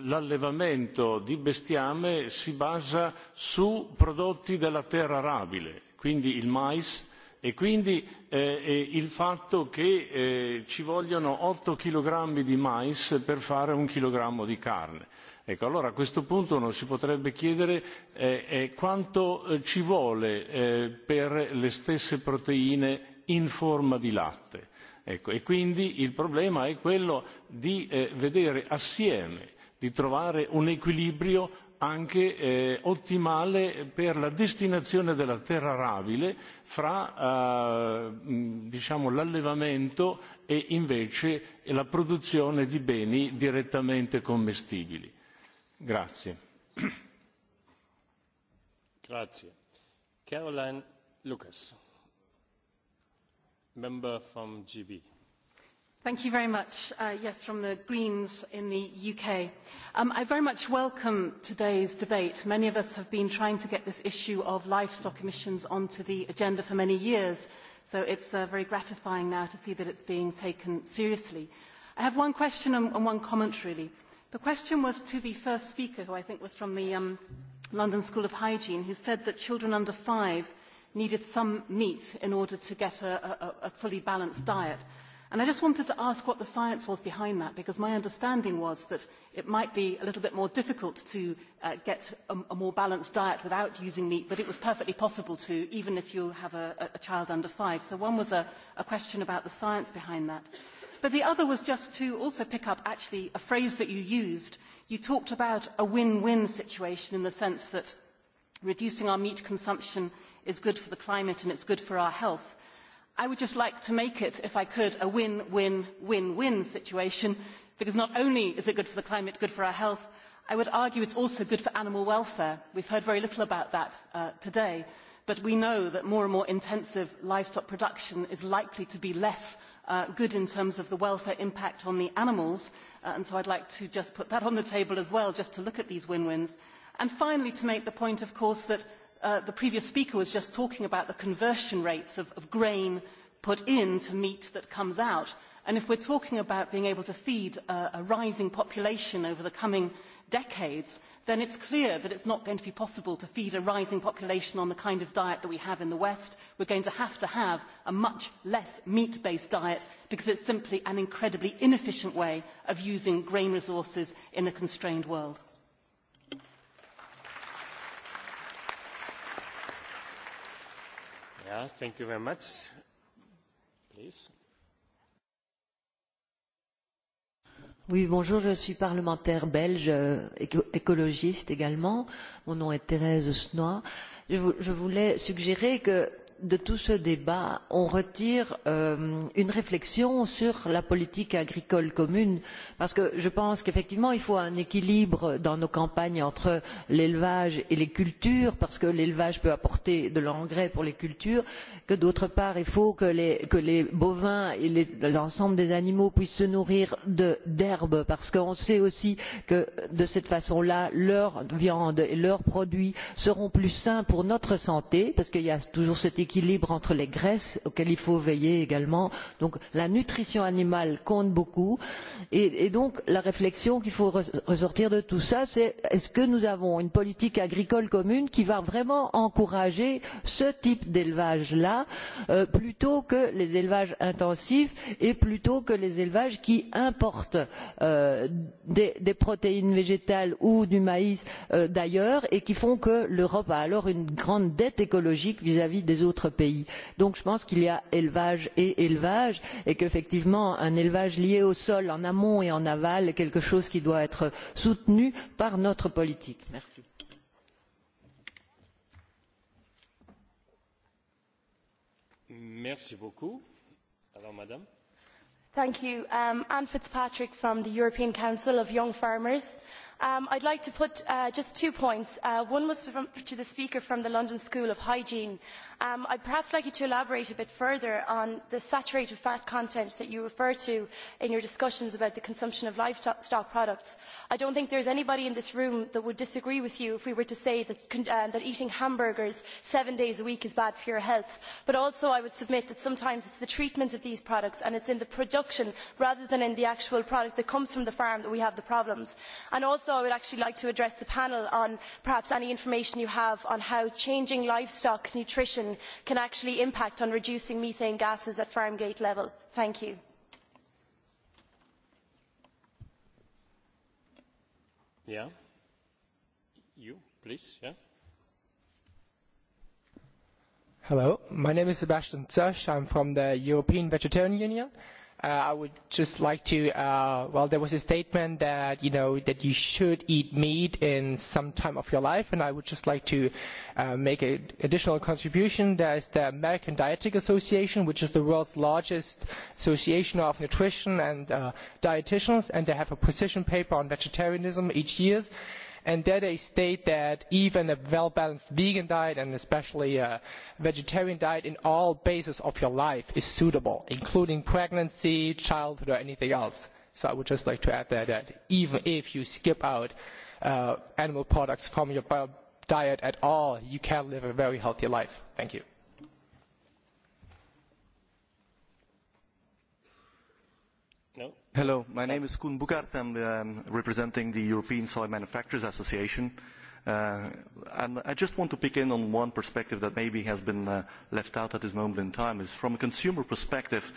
l'allevamento di bestiame si basa su prodotti della terra arabile, quindi il mais e quindi eh, il fatto che eh, ci vogliono otto kg di mais per fare un chilogrammo di carne. Ecco, allora a questo punto uno si potrebbe chiedere eh, eh, quanto ci vuole eh, per le stesse proteine in forma di latte Ecco, e quindi il problema è quello di eh, vedere assieme, di trovare un equilibrio anche eh, ottimale per la destinazione della terra arabile fra eh, diciamo, l'allevamento e invece la produzione di beni direttamente commestibili. Grazie. Grazie. Caroline Lucas. Member from GB. Thank you very much. Uh, yes, from the Greens in the UK. Um, I very much welcome today's debate. Many of us have been trying to get this issue of livestock emissions onto the agenda for many years, so it's uh, very gratifying now to see that it's being taken seriously. I have one question and, and one comment, really. The question was to the first speaker, who I think was from the um, London School of Hygiene, who said that children under five needed some meat in order to get a, a, a fully balanced diet. And I just wanted to ask what the science was behind that, because my understanding was that it might be a little bit more difficult to uh, get a, a more balanced diet without using meat, but it was perfectly possible to, even if you have a, a child under five. So one was a, a question about the science behind that. But the other was just to also pick up actually a phrase that you used. You talked about a win-win situation in the sense that reducing our meat consumption is good for the climate and it's good for our health. I would just like to make it, if I could, a win-win-win-win situation, because not only is it good for the climate, good for our health, I would argue it's also good for animal welfare. We've heard very little about that uh, today, but we know that more and more intensive livestock production is likely to be less uh, good in terms of the welfare impact on the animals, uh, and so I'd like to just put that on the table as well, just to look at these win-wins. And finally, to make the point, of course, that uh, the previous speaker was just talking about the conversion rates of, of grain put in to meat that comes out. And if we're talking about being able to feed a, a rising population over the coming decades, then it's clear that it's not going to be possible to feed a rising population on the kind of diet that we have in the West. We're going to have to have a much less meat-based diet because it's simply an incredibly inefficient way of using grain resources in a constrained world. Yeah, thank you very much. Please. Oui, bonjour, je suis parlementaire belge, euh, écologiste également. Mon nom est Thérèse Snoy. je voulais suggérer que de tout ce débat, on retire euh, une réflexion sur la politique agricole commune, parce que je pense qu'effectivement, il faut un équilibre dans nos campagnes entre l'élevage et les cultures, parce que l'élevage peut apporter de l'engrais pour les cultures, que d'autre part, il faut que les, que les bovins et l'ensemble des animaux puissent se nourrir d'herbes, parce qu'on sait aussi que de cette façon-là, leurs viande et leurs produits seront plus sains pour notre santé, parce qu'il y a toujours cette l'équilibre entre les graisses auxquelles il faut veiller également. Donc la nutrition animale compte beaucoup. Et, et donc la réflexion qu'il faut ressortir de tout ça, c'est est-ce que nous avons une politique agricole commune qui va vraiment encourager ce type d'élevage-là euh, plutôt que les élevages intensifs et plutôt que les élevages qui importent euh, des, des protéines végétales ou du maïs euh, d'ailleurs et qui font que l'Europe a alors une grande dette écologique vis-à-vis -vis des autres d'autres pays. Donc je pense qu'il y a élevage et élevage et qu'effectivement un élevage lié au sol en amont et en aval est quelque chose qui doit être soutenu par notre politique. Merci. Merci beaucoup. Alors, madame. Thank you. Um, Anne Fitzpatrick from the European Council of Young Farmers. Um, I'd like to put uh, just two points. Uh, one was from, to the speaker from the London School of Hygiene. Um, I'd perhaps like you to elaborate a bit further on the saturated fat content that you refer to in your discussions about the consumption of livestock products. I don't think there's anybody in this room that would disagree with you if we were to say that, uh, that eating hamburgers seven days a week is bad for your health. But also I would submit that sometimes it's the treatment of these products and it's in the production rather than in the actual product that comes from the farm that we have the problems. And also also I would actually like to address the panel on perhaps any information you have on how changing livestock nutrition can actually impact on reducing methane gases at farm gate level. Thank you. Yeah. You, please, yeah. Hello, my name is Sebastian Zösch. I'm from the European Vegetarian Union uh, I would just like to, uh, well, there was a statement that, you know, that you should eat meat in some time of your life, and I would just like to uh, make an additional contribution. There is the American Dietetic Association, which is the world's largest association of nutrition and uh, dietitians, and they have a position paper on vegetarianism each year and there they state that even a well-balanced vegan diet and especially a vegetarian diet in all bases of your life is suitable, including pregnancy, childhood, or anything else. So I would just like to add there that even if you skip out uh, animal products from your diet at all, you can live a very healthy life. Thank you. Hello, my name is Koen Bukart. I'm um, representing the European Soy Manufacturers Association. Uh, and I just want to pick in on one perspective that maybe has been uh, left out at this moment in time is from a consumer perspective,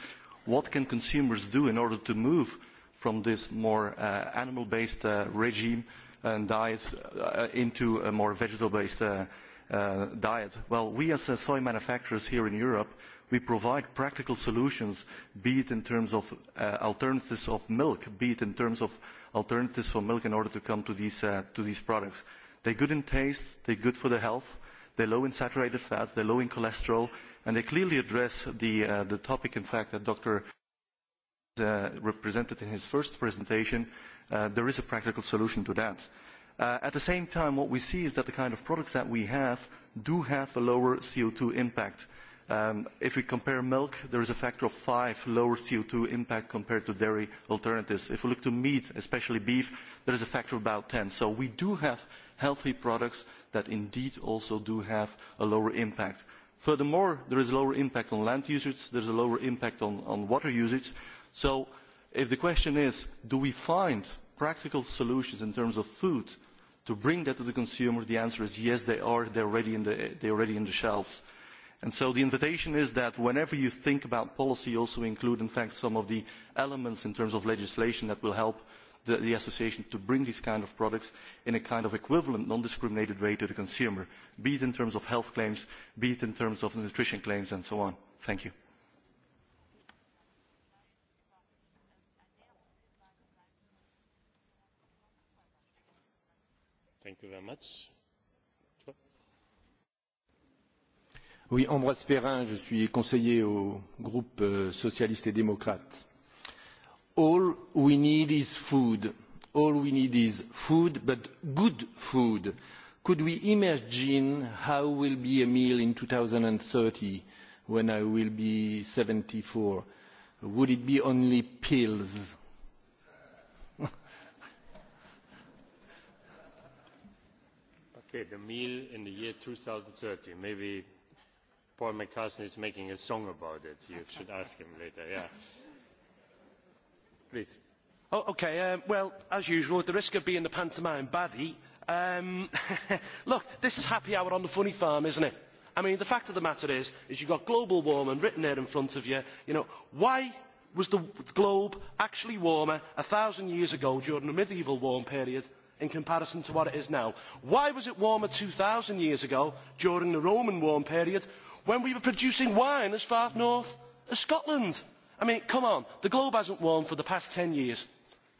what can consumers do in order to move from this more uh, animal-based uh, regime and diet uh, into a more vegetable-based uh, uh, diet? Well, we as uh, soy manufacturers here in Europe we provide practical solutions, be it in terms of uh, alternatives of milk, be it in terms of alternatives for milk in order to come to these, uh, to these products. They're good in taste, they're good for the health, they're low in saturated fat, they're low in cholesterol, and they clearly address the, uh, the topic, in fact, that Dr. Uh, represented in his first presentation. Uh, there is a practical solution to that. Uh, at the same time, what we see is that the kind of products that we have do have a lower CO2 impact. Um, if we compare milk, there is a factor of five lower co two impact compared to dairy alternatives. If we look to meat, especially beef, there is a factor of about ten. So we do have healthy products that indeed also do have a lower impact. Furthermore, there is a lower impact on land usage, there is a lower impact on, on water usage. So if the question is, do we find practical solutions in terms of food to bring that to the consumer, the answer is yes, they are. They're already in the, they're already in the shelves. And so the invitation is that whenever you think about policy, also include in fact some of the elements in terms of legislation that will help the, the association to bring these kind of products in a kind of equivalent, non-discriminated way to the consumer, be it in terms of health claims, be it in terms of nutrition claims and so on. Thank you. Thank you very much. Oui, Ambroise Perrin, je suis conseiller au groupe euh, socialiste et démocrate. All we need is food. All we need is food, but good food. Could we imagine how will be a meal in 2030 when I will be 74? Would it be only pills? *laughs* okay, the meal in the year 2030, maybe Paul McCartney is making a song about it. You should ask him later. Yeah. Please. Oh, okay. Um, well, as usual, at the risk of being the pantomime baddie, um, *laughs* look, this is happy hour on the funny farm, isn't it? I mean, the fact of the matter is, is you've got global warming written there in front of you. You know, why was the globe actually warmer a thousand years ago during the medieval warm period in comparison to what it is now? Why was it warmer 2,000 years ago during the Roman warm period? when we were producing wine as far north as Scotland. I mean, come on, the globe hasn't warmed for the past 10 years.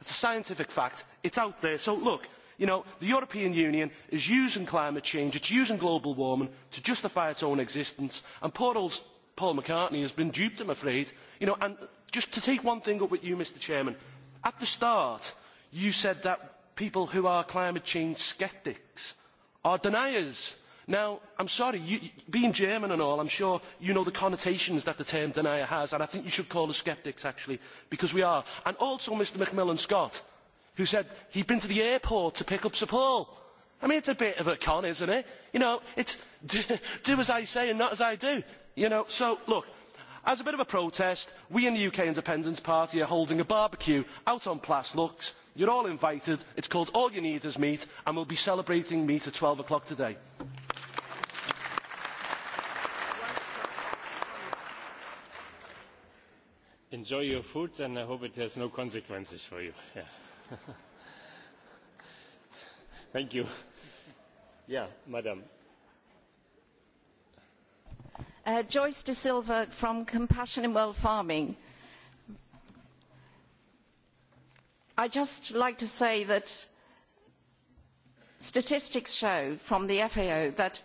It's a scientific fact. It's out there. So look, you know, the European Union is using climate change, it's using global warming to justify its own existence. And poor old Paul McCartney has been duped, I'm afraid. You know, and just to take one thing up with you, Mr Chairman, at the start, you said that people who are climate change sceptics are deniers. Now, I'm sorry, you, being German and all, I'm sure you know the connotations that the term denier has, and I think you should call us sceptics, actually, because we are. And also Mr Macmillan Scott, who said he'd been to the airport to pick up Sir Paul. I mean, it's a bit of a con, isn't it? You know, it's *laughs* do, do as I say and not as I do. You know, so, look, as a bit of a protest, we in the UK Independence Party are holding a barbecue out on Plas Lux. You're all invited. It's called All You Need Is Meat, and we'll be celebrating meat at 12 o'clock today. enjoy your food and I hope it has no consequences for you. Yeah. *laughs* Thank you. Yeah, madam. Uh, Joyce De Silva from Compassion and World Farming. I just like to say that statistics show from the FAO that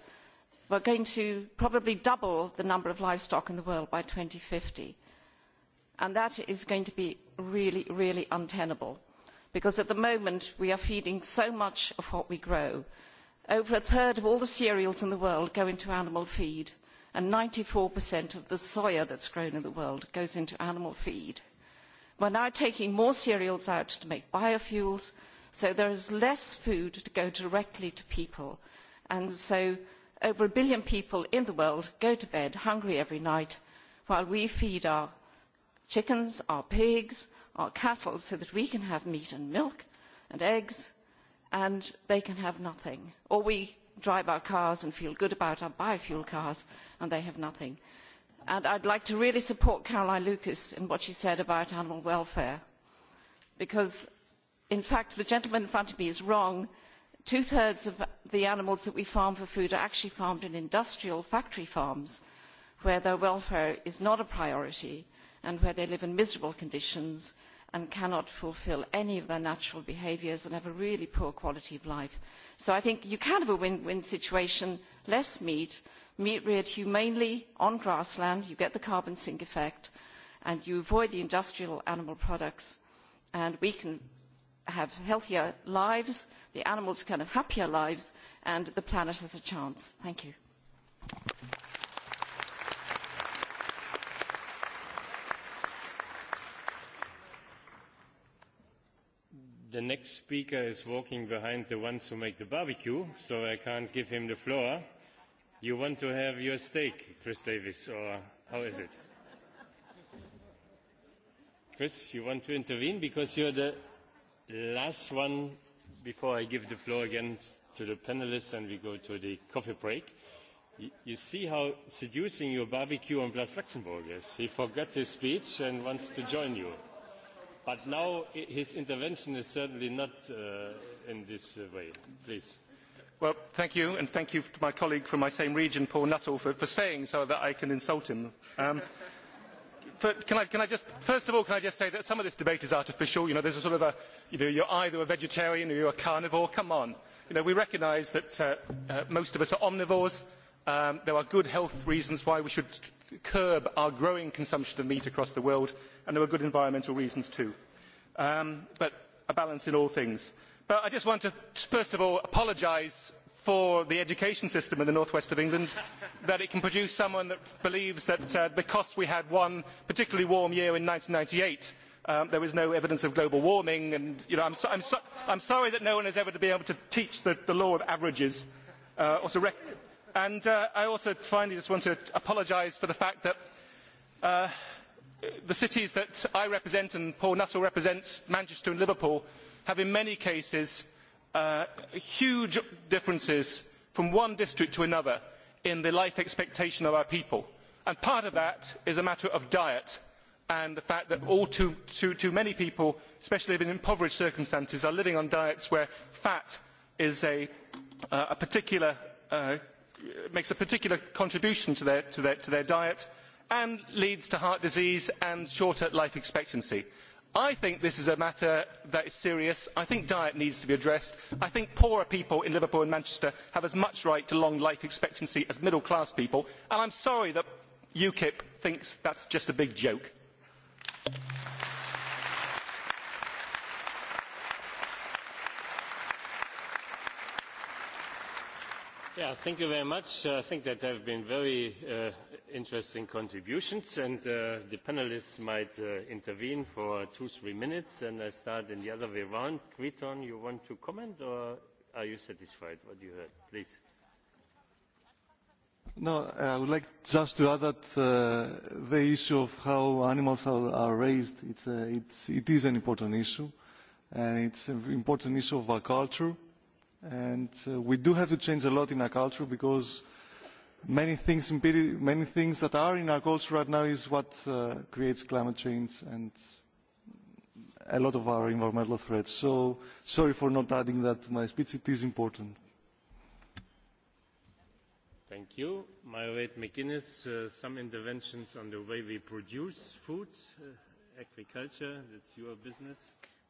we're going to probably double the number of livestock in the world by 2050 And that is going to be really, really untenable because at the moment we are feeding so much of what we grow. Over a third of all the cereals in the world go into animal feed and ninety 94% of the soya that is grown in the world goes into animal feed. We are now taking more cereals out to make biofuels, so there is less food to go directly to people. And so over a billion people in the world go to bed hungry every night while we feed our chickens, our pigs, our cattle, so that we can have meat and milk and eggs, and they can have nothing. Or we drive our cars and feel good about our biofuel cars, and they have nothing. And I'd like to really support Caroline Lucas in what she said about animal welfare, because in fact the gentleman in front of me is wrong. Two-thirds of the animals that we farm for food are actually farmed in industrial factory farms, where their welfare is not a priority and where they live in miserable conditions and cannot fulfil any of their natural behaviours and have a really poor quality of life. So I think you can have a win-win situation, less meat, meat reared humanely on grassland, you get the carbon sink effect, and you avoid the industrial animal products, and we can have healthier lives, the animals can have happier lives, and the planet has a chance. Thank you. the next speaker is walking behind the ones who make the barbecue, so I can't give him the floor. You want to have your steak, Chris Davis, or how is it? Chris, you want to intervene because you're the last one before I give the floor again to the panelists and we go to the coffee break. You, see how seducing your barbecue on Place Luxembourg is. He forgot his speech and wants to join you. But now his intervention is certainly not uh, in this uh, way. Please. Well, thank you, and thank you to my colleague from my same region, Paul Nuttall, for, for staying so that I can insult him. Um, but can I, can I just, first of all, can I just say that some of this debate is artificial? You know, there's a sort of a, you know, you're either a vegetarian or you're a carnivore. Come on. You know, we recognise that uh, uh, most of us are omnivores. Um, there are good health reasons why we should curb our growing consumption of meat across the world, and there were good environmental reasons too. Um, but a balance in all things. But I just want to, first of all, apologise for the education system in the north west of England, *laughs* that it can produce someone that believes that uh, because we had one particularly warm year in ninety eight, um, there was no evidence of global warming. And you know, I'm, so, I'm, so, I'm sorry that no one has ever been able to teach the, the law of averages uh, or to rec And uh, I also finally just want to apologise for the fact that uh, the cities that I represent and Paul Nuttall represents, Manchester and Liverpool, have in many cases uh, huge differences from one district to another in the life expectation of our people. And part of that is a matter of diet and the fact that all too, too, too many people, especially in impoverished circumstances, are living on diets where fat is a, uh, a particular uh, makes a particular contribution to their, to, their, to their diet and leads to heart disease and shorter life expectancy. I think this is a matter that is serious. I think diet needs to be addressed. I think poorer people in Liverpool and Manchester have as much right to long life expectancy as middle class people. And I am sorry that UKIP thinks that is just a big joke. Yeah, thank you very much. Uh, I think that have been very uh, interesting contributions, and uh, the panelists might uh, intervene for two, three minutes, and I start in the other way around. Kriton, you want to comment, or are you satisfied what you heard? Please. No, I would like just to add that uh, the issue of how animals are, are raised, it's, uh, it's, it is an important issue, and it's an important issue of our culture And uh, we do have to change a lot in our culture because many things, many things that are in our culture right now is what uh, creates climate change and a lot of our environmental threats. So sorry for not adding that to my speech. It is important. Thank you. Margaret McGuinness, uh, some interventions on the way we produce food, uh, agriculture, that's your business.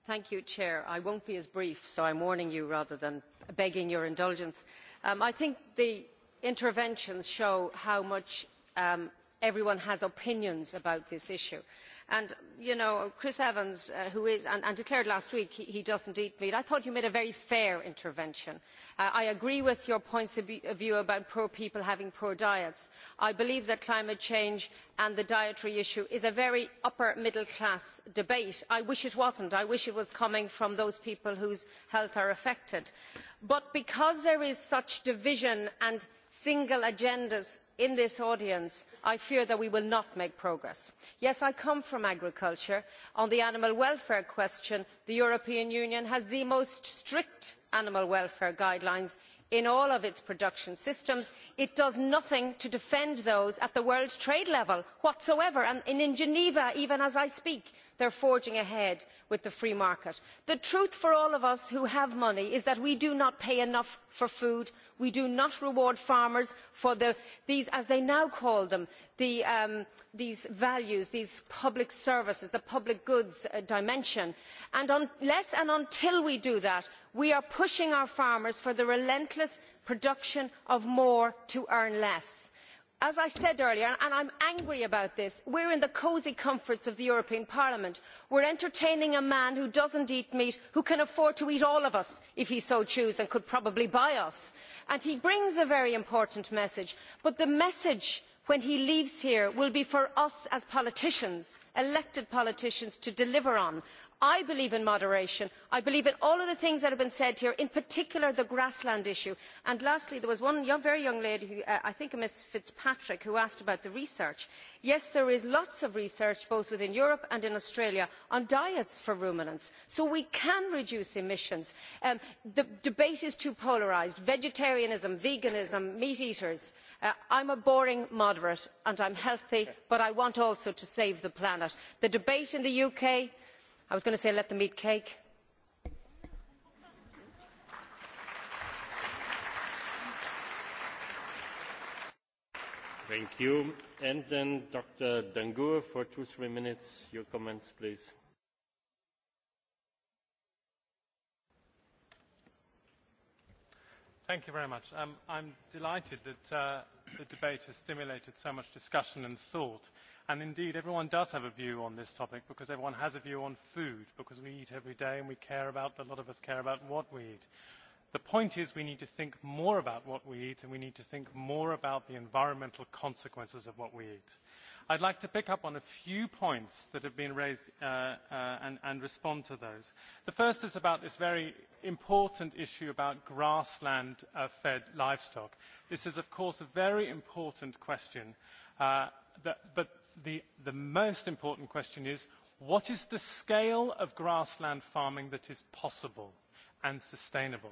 Thank you, I won't be as brief, so I am warning you rather than begging your indulgence. Um, I think the interventions show how much um, everyone has opinions about this issue. And, you know, Chris Evans, uh, who is, and, declared last week he, does not eat meat, I thought you made a very fair intervention. Uh, I agree with your points of view about poor people having poor diets. I believe that climate change and the dietary issue is a very upper middle class debate. I wish it was not. I wish it was coming from those people whose health are affected. But because there is such division and single agendas in this audience i fear that we will not make progress. yes i come from agriculture. on the animal welfare question the european union has the most strict animal welfare guidelines in all of its production systems. it does nothing to defend those at the world trade level whatsoever and in geneva even as i speak they are forging ahead with the free market. the truth for all of us who have money is that we do not pay enough for food we do not reward farmers for these as they now call them um, these values these public services the public goods uh, dimension and unless and until we do that we are pushing our farmers for the relentless production of more to earn less as i said earlier and i am angry about this we are in the cosy comforts of the european parliament we are entertaining a man who does not eat meat who can afford to eat all of us if he so chooses and could probably buy us and he brings a very important message but the message when he leaves here will be for us as politicians elected politicians to deliver on i believe in moderation i believe in all of the things that have been said here in particular the grassland issue and lastly there was one very young lady uh, i think ms fitzpatrick who asked about the research yes there is lots of research both within europe and in australia on diets for ruminants so we can reduce emissions um, the debate is too polarised vegetarianism veganism meat eaters uh, I am a boring moderate and I am healthy but i want also to save the planet the debate in the uk I was going to say let them eat cake. Thank you. And then Dr. dangour for two, three minutes. Your comments, please. Thank you very much. Um, I'm delighted that uh, the debate has stimulated so much discussion and thought And indeed, everyone does have a view on this topic because everyone has a view on food, because we eat every day and we care about, a lot of us care about what we eat. The point is we need to think more about what we eat and we need to think more about the environmental consequences of what we eat. I'd like to pick up on a few points that have been raised uh, uh, and, and respond to those. The first is about this very important issue about grassland-fed uh, fed livestock. This is, of course, a very important question, uh, that, but the, the most important question is, what is the scale of grassland farming that is possible and sustainable?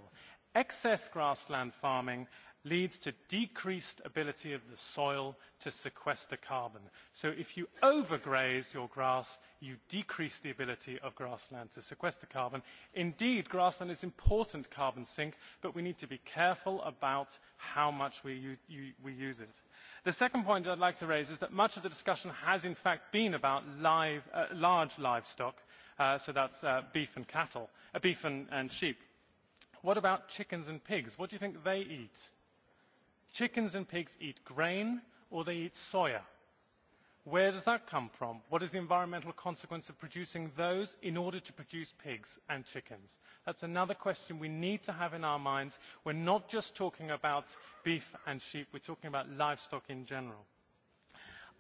Excess grassland farming leads to decreased ability of the soil to sequester carbon. So if you overgraze your grass, you decrease the ability of grassland to sequester carbon. Indeed, grassland is important carbon sink, but we need to be careful about how much we, you, you, we use it. The second point I'd like to raise is that much of the discussion has in fact been about live, uh, large livestock, uh, so that's uh, beef and cattle, uh, beef and, and sheep. What about chickens and pigs? What do you think they eat? Chickens and pigs eat grain or they eat soya. Where does that come from? What is the environmental consequence of producing those in order to produce pigs and chickens? That's another question we need to have in our minds. We're not just talking about beef and sheep, we're talking about livestock in general.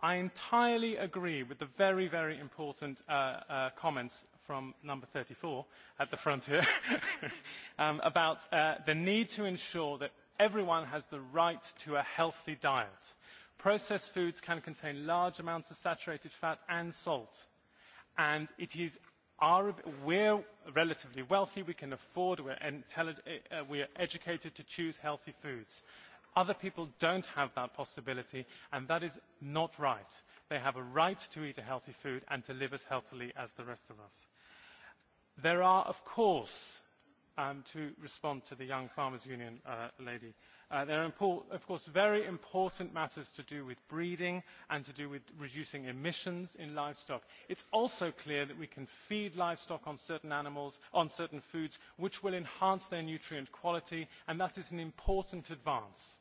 I entirely agree with the very, very important uh, uh, comments from number 34 at the front here *laughs* um, about uh, the need to ensure that Everyone has the right to a healthy diet. Processed foods can contain large amounts of saturated fat and salt. And it is our, we're relatively wealthy, we can afford, we're, uh, we're educated to choose healthy foods. Other people don't have that possibility, and that is not right. They have a right to eat a healthy food and to live as healthily as the rest of us. There are, of course, um, to respond to the Young Farmers Union uh, lady. Uh, there are, of course, very important matters to do with breeding and to do with reducing emissions in livestock. It's also clear that we can feed livestock on certain animals, on certain foods, which will enhance their nutrient quality, and that is an important advance.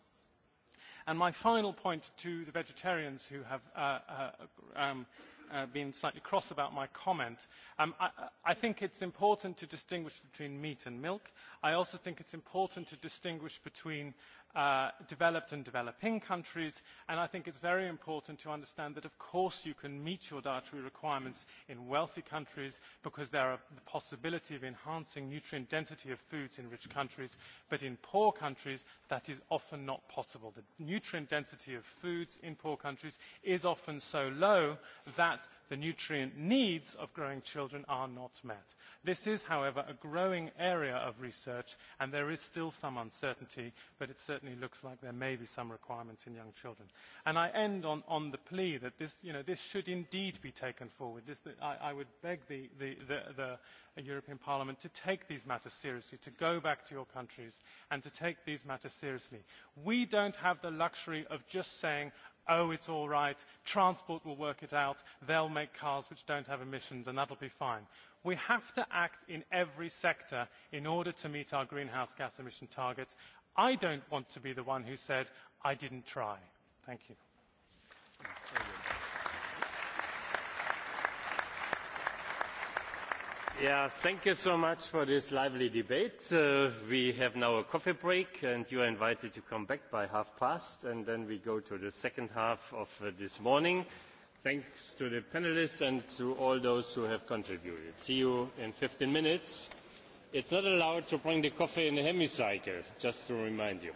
And my final point to the vegetarians who have uh, uh, um, uh, been slightly cross about my comment. Um, I, I think it's important to distinguish between meat and milk. I also think it's important to distinguish between uh, developed and developing countries. And I think it's very important to understand that, of course, you can meet your dietary requirements in wealthy countries because there are the possibility of enhancing nutrient density of foods in rich countries. But in poor countries, that is often not possible. The nutrient density of foods in poor countries is often so low that the nutrient needs of growing children are not met. This is, however, a growing area of research, and there is still some uncertainty, but it certainly looks like there may be some requirements in young children. And I end on, on the plea that this, you know, this should indeed be taken forward. This, I, I would beg the, the, the, the European Parliament to take these matters seriously, to go back to your countries and to take these matters seriously. We don't have the luxury of just saying, oh, it's all right, transport will work it out, they'll make cars which don't have emissions and that'll be fine. We have to act in every sector in order to meet our greenhouse gas emission targets. I don't want to be the one who said, I didn't try. Thank you. Yeah, thank you so much for this lively debate. Uh, we have now a coffee break, and you are invited to come back by half past, and then we go to the second half of uh, this morning. Thanks to the panelists and to all those who have contributed. See you in 15 minutes. It's not allowed to bring the coffee in the hemicycle, just to remind you.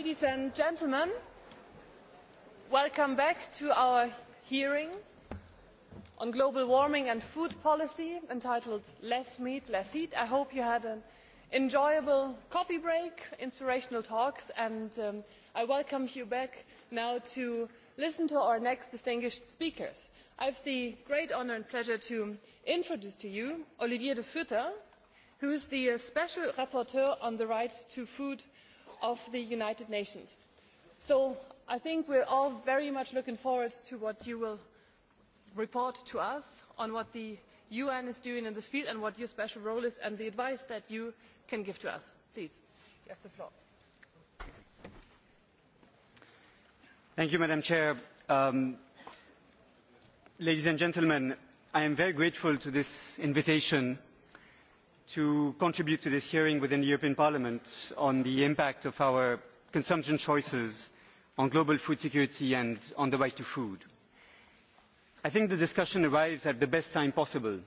Ladies and gentlemen, welcome back to our hearing on global warming and food policy entitled Less Meat, Less Eat. I hope you had an enjoyable coffee break, inspirational talks, and um, I welcome you back now to listen to our next distinguished speakers. I have the great honor and pleasure to introduce to you Olivier de Futter, who is the Special Rapporteur on the Right to Food of the United Nations. So I think we are all very much looking forward to what you will report to us on what the UN is doing in this field and what your special role is and the advice that you can give to us. Please, you have the floor. Thank you, Madam Chair. Um, ladies and gentlemen, I am very grateful to this invitation to contribute to this hearing within the European Parliament on the impact of our consumption choices on global food security and on the right to food. I think the discussion arrives at the best time possible.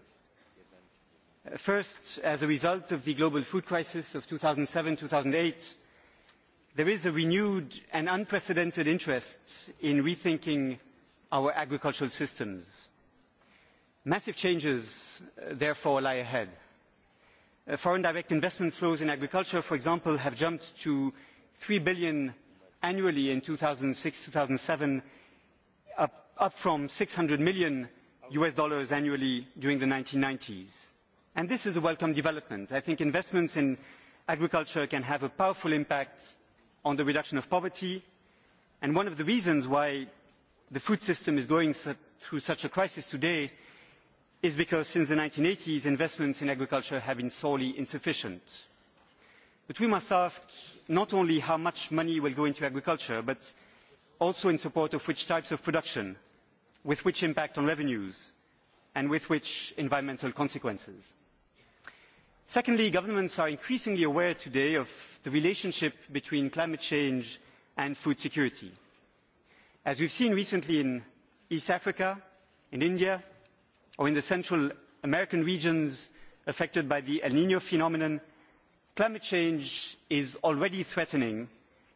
First, as a result of the global food crisis of two thousand 2007 eight, there is a renewed and unprecedented interest in rethinking our agricultural systems. Massive changes, therefore, lie ahead. Uh, foreign direct investment flows in agriculture, for example, have jumped to EUR three billion annually in two thousand 2006 seven, up, up from six hundred million US dollars annually during the 1990s. And this is a welcome development. I think investments in agriculture can have a powerful impact on the reduction of poverty, and one of the reasons why the food system is going through such a crisis today is because since the 1980s, investments in agriculture have been sorely insufficient. But we must ask not only how much money will go into agriculture, but also in support of which types of production, with which impact on revenues, and with which environmental consequences. Secondly, governments are increasingly aware today of the relationship between climate change and food security. As we have seen recently in East Africa, in India, or in the Central American regions affected by the El Nino phenomenon, climate change is already threatening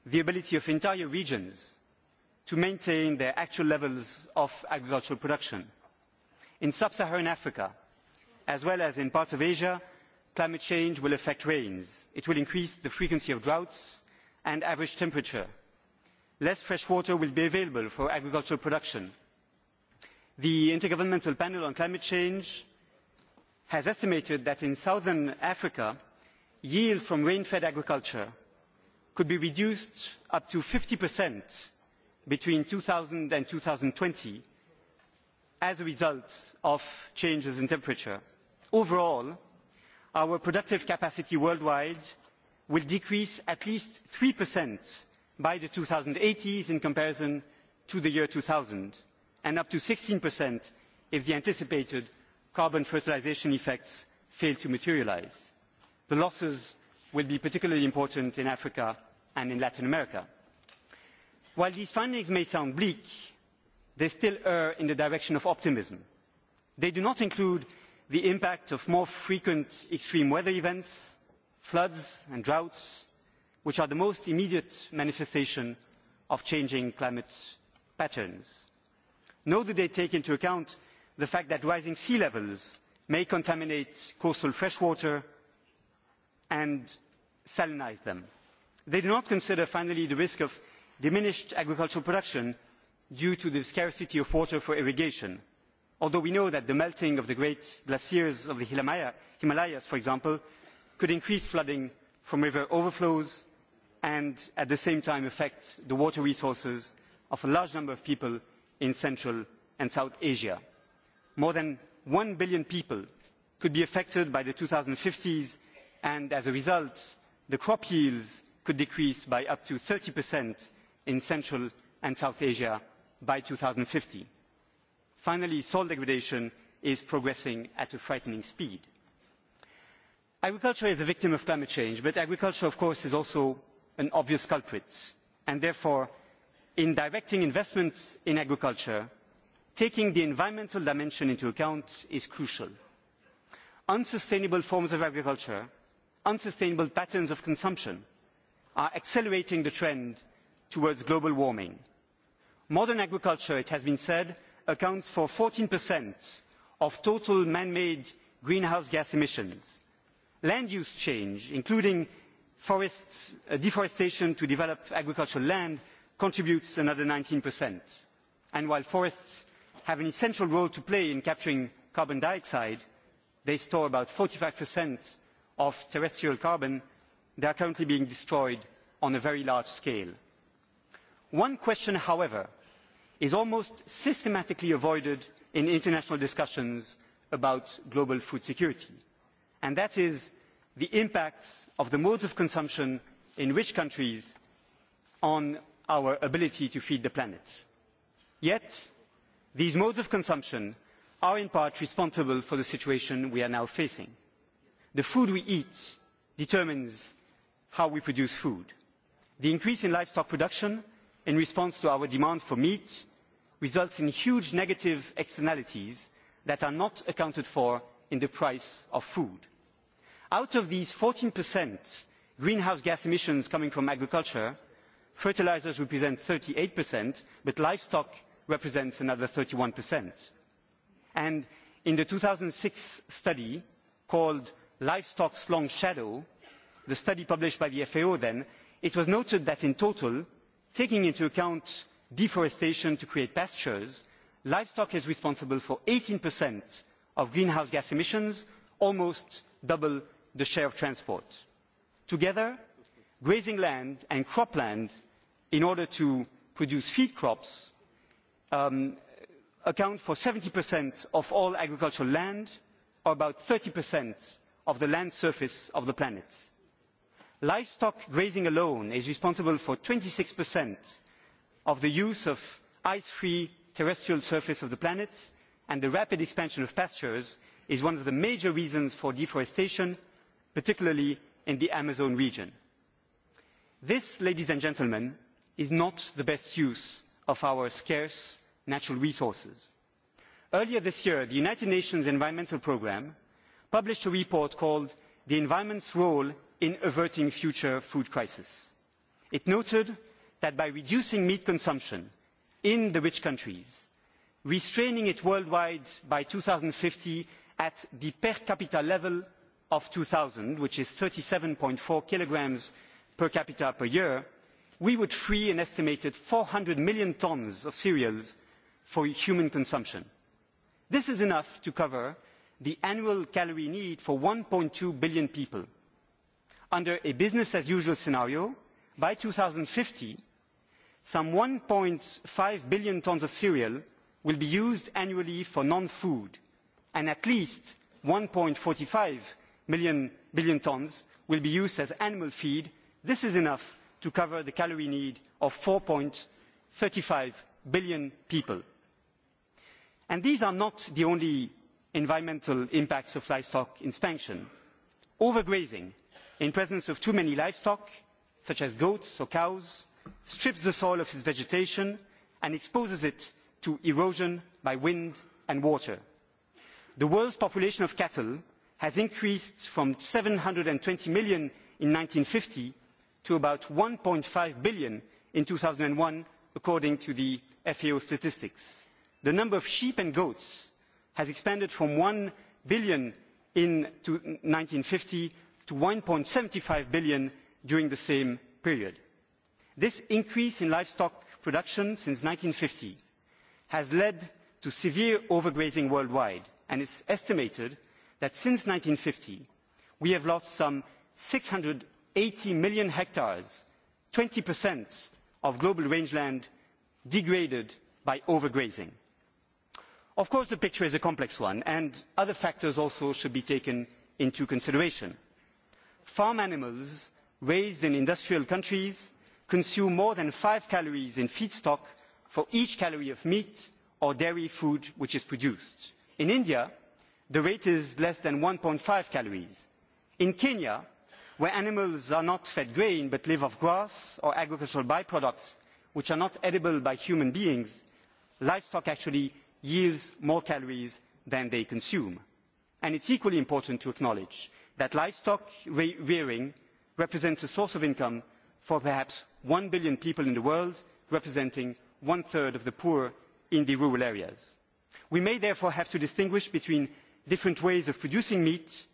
the ability of entire regions to maintain their actual levels of agricultural production. In sub-Saharan Africa, as well as in parts of Asia, climate change will affect rains. It will increase the frequency of droughts and average temperature. Less fresh water will be available for agricultural production The Intergovernmental Panel on Climate Change has estimated that in southern Africa, yields from rain-fed agriculture could be reduced up to 50% between 2000 and 2020 as a result of changes in temperature. Overall, our productive capacity worldwide will decrease at least 3% by the 2080s in comparison to the year 2000 and up to 16% if the anticipated carbon fertilisation effects fail to materialise. The losses will be particularly important in Africa and in Latin America. While these findings may sound bleak, they still err in the direction of optimism. They do not include the impact of more frequent extreme weather events, floods and droughts, which are the most immediate manifestation of changing climate patterns nor do they take into account the fact that rising sea levels may contaminate coastal freshwater and salinise them. They do not consider, finally, the risk of diminished agricultural production due to the scarcity of water for irrigation. Although we know that the melting of the great glaciers of the Himalayas, for example, could increase flooding from river overflows and at the same time affect the water resources of a large number of people in Central and South Asia. More than one billion people could be affected by the 2050s and as a result, the crop yields could decrease by up to 30% in Central and South Asia by fifty. Finally, soil degradation is progressing at a frightening speed. Agriculture is a victim of climate change, but agriculture, of course, is also an obvious culprit, and therefore in directing investment in agriculture, taking the environmental dimension into account is crucial. Unsustainable forms of agriculture, unsustainable patterns of consumption are accelerating the trend towards global warming. Modern agriculture, it has been said, accounts for 14% of total man-made greenhouse gas emissions. Land use change, including forests, uh, deforestation to develop agricultural land, contributes another 19%. And while forests have an essential role to play in capturing carbon dioxide, they store about 45% of terrestrial carbon they are currently being destroyed on a very large scale. One question, however, is almost systematically avoided in international discussions about global food security, and that is the impact of the modes of consumption in rich countries on our ability to feed the planet. Yet, these modes of consumption are in part responsible for the situation we are now facing. The food we eat determines how we produce food. The increase in livestock production in response to our demand for meat results in huge negative externalities that are not accounted for in the price of food. Out of these 14% greenhouse gas emissions coming from agriculture, Fertilisers represent thirty eight but livestock represents another thirty one And in the two thousand six study called Livestock's Long Shadow, the study published by the FAO then, it was noted that in total, taking into account deforestation to create pastures, livestock is responsible for 18% of greenhouse gas emissions, almost double the share of transport. Together, grazing land and cropland in order to produce feed crops um, account for 70% of all agricultural land or about 30% of the land surface of the planet. Livestock grazing alone is responsible for 26% of the use of ice-free terrestrial surface of the planet and the rapid expansion of pastures is one of the major reasons for deforestation, particularly in the Amazon region. This, ladies and gentlemen, is not the best use of our scarce natural resources. Earlier this year, the United Nations Environmental Programme published a report called The Environment's Role in Averting Future Food Crisis. It noted that by reducing meat consumption in the rich countries, restraining it worldwide by fifty at the per capita level of two thousand, which is thirty seven four kilograms per capita per year, we would free an estimated four hundred million tonnes of cereals for human consumption. This is enough to cover the annual calorie need for one two billion people. Under a business as usual scenario, by fifty, some one five billion tonnes of cereal will be used annually for non-food and at least one forty five million billion tonnes will be used as animal feed. This is enough to cover the calorie need of four thirty five billion people. And these are not the only environmental impacts of livestock expansion. Overgrazing in presence of too many livestock, such as goats or cows, strips the soil of its vegetation and exposes it to erosion by wind and water. The world's population of cattle has increased from seven hundred twenty million in 1950 to about one five billion in two thousand one according to the FAO statistics. The number of sheep and goats has expanded from one billion in fifty to one seventy five billion during the same period. This increase in livestock production since fifty has led to severe overgrazing worldwide and it is estimated that since fifty we have lost some six hundred 80 million hectares, 20% of global rangeland degraded by overgrazing. Of course, the picture is a complex one, and other factors also should be taken into consideration. Farm animals raised in industrial countries consume more than five calories in feedstock for each calorie of meat or dairy food which is produced. In India, the rate is less than one five calories. In Kenya, where animals are not fed grain but live off grass or agricultural by products which are not edible by human beings, livestock actually yields more calories than they consume. And it is equally important to acknowledge that livestock rearing represents a source of income for perhaps one billion people in the world, representing one third of the poor in the rural areas. We may therefore have to distinguish between different ways of producing meat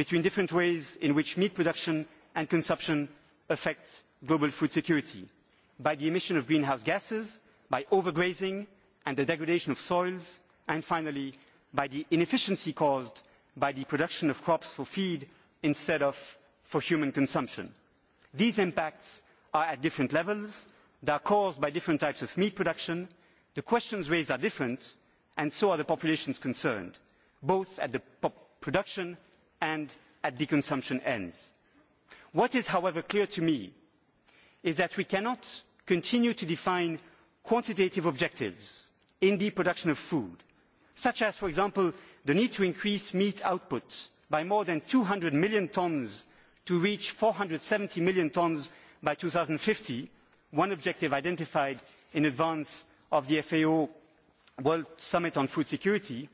between different ways in which meat production and consumption affect global food security by the emission of greenhouse gases, by overgrazing and the degradation of soils, and finally by the inefficiency caused by the production of crops for feed instead of for human consumption. These impacts are at different levels, they are caused by different types of meat production, the questions raised are different, and so are the populations concerned, both at the production and at the consumption ends. What is, however, clear to me is that we cannot continue to define quantitative objectives in the production of food, such as, for example, the need to increase meat output by more than two hundred million tonnes to reach four hundred and seventy million tonnes by fifty, one objective identified in advance of the FAO World Summit on Food Security,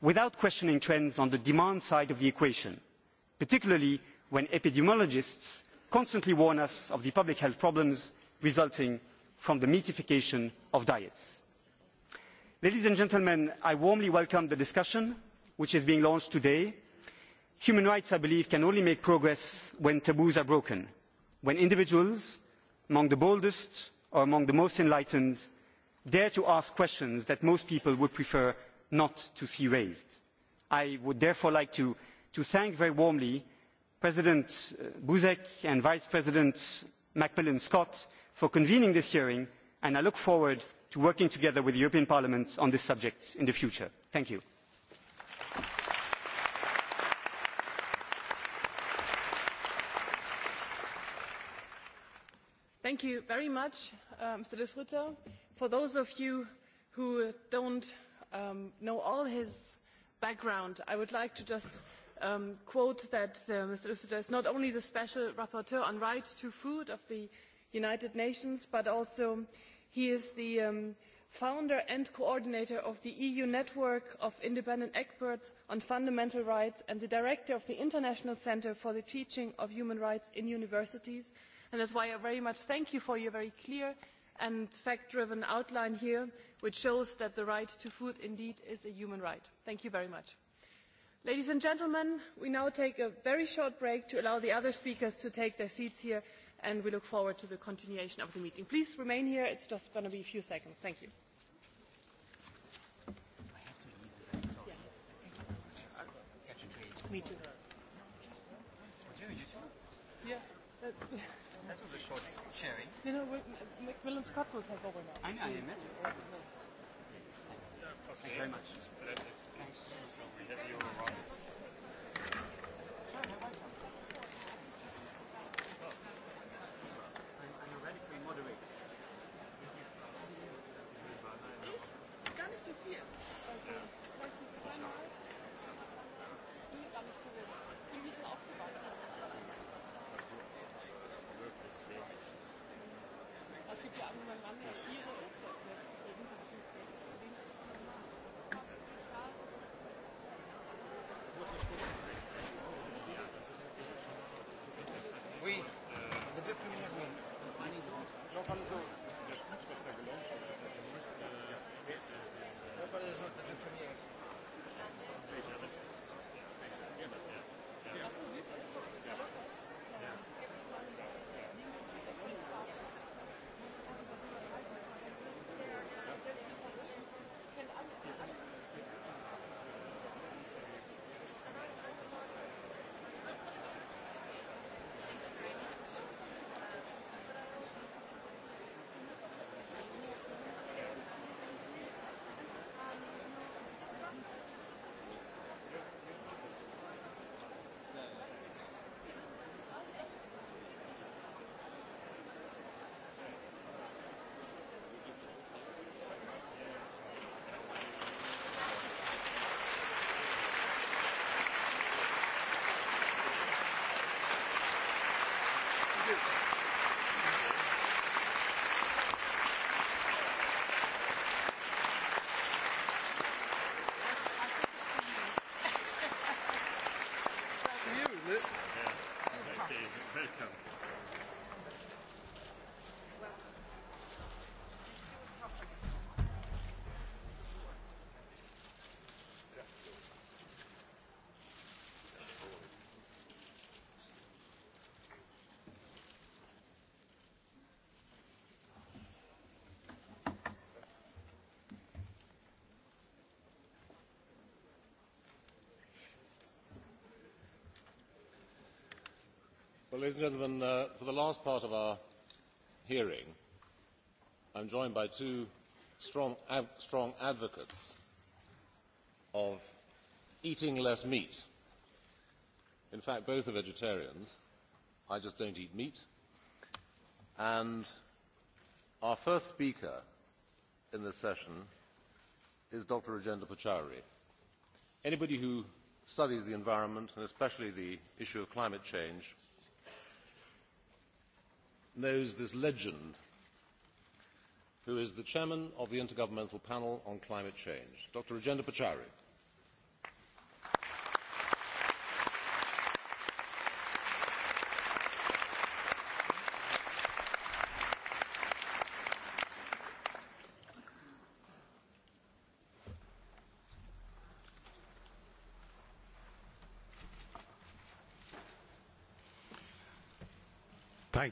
without questioning trends on the demand side of the equation, particularly when epidemiologists constantly warn us of the public health problems resulting from the meatification of diets. Ladies and gentlemen, I warmly welcome the discussion which is being launched today. Human rights, I believe, can only make progress when taboos are broken, when individuals, among the boldest or among the most enlightened, dare to ask questions that most people would prefer not to see raised. I would therefore like to, to thank very warmly President uh, Buzek and Vice President Macmillan Scott for convening this hearing and I look forward to working together with the European Parliament on this subject in the future. Thank you. Thank you very much, uh, Mr. De For those of you who don't um, know all his background, I would like to just um, quote that uh, Mr. Usuda is not only the special rapporteur on right to food of the United Nations, but also he is the um, founder and coordinator of the EU network of independent experts on fundamental rights and the director of the International Centre for the Teaching of Human Rights in Universities. And that's why I very much thank you for your very clear and fact-driven outline here, which shows that the right to food indeed is a human right. Thank you very much. Ladies and gentlemen, we now take a very short break to allow the other speakers to take their seats here, and we look forward to the continuation of the meeting. Please remain here. It's just going to be a few seconds. Thank you. Me too. Oh, yeah chairing. You know, Macmillan Scott will take over now. I know, I imagine. Thanks very much. Thanks. Thanks. Thanks. Thanks. Thanks gibt ja auch meinen Mann, der hier Well, ladies and gentlemen, uh, for the last part of our hearing, I'm joined by two strong, ab strong advocates of eating less meat. In fact, both are vegetarians. I just don't eat meat. And our first speaker in this session is Dr. Rajendra Pachauri. Anybody who studies the environment, and especially the issue of climate change, knows this legend, who is the chairman of the Intergovernmental Panel on Climate Change, Dr. Rajendra Pachauri.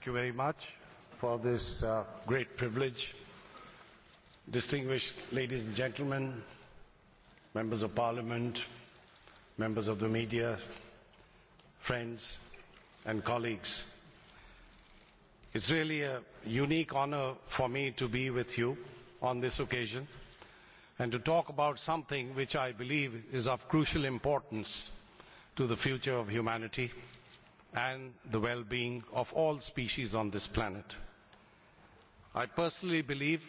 you very much for this uh, great privilege. Distinguished ladies and gentlemen, members of parliament, members of the media, friends and colleagues, it's really a unique honor for me to be with you on this occasion and to talk about something which I believe is of crucial importance to the future of humanity and the well-being of all species on this planet. I personally believe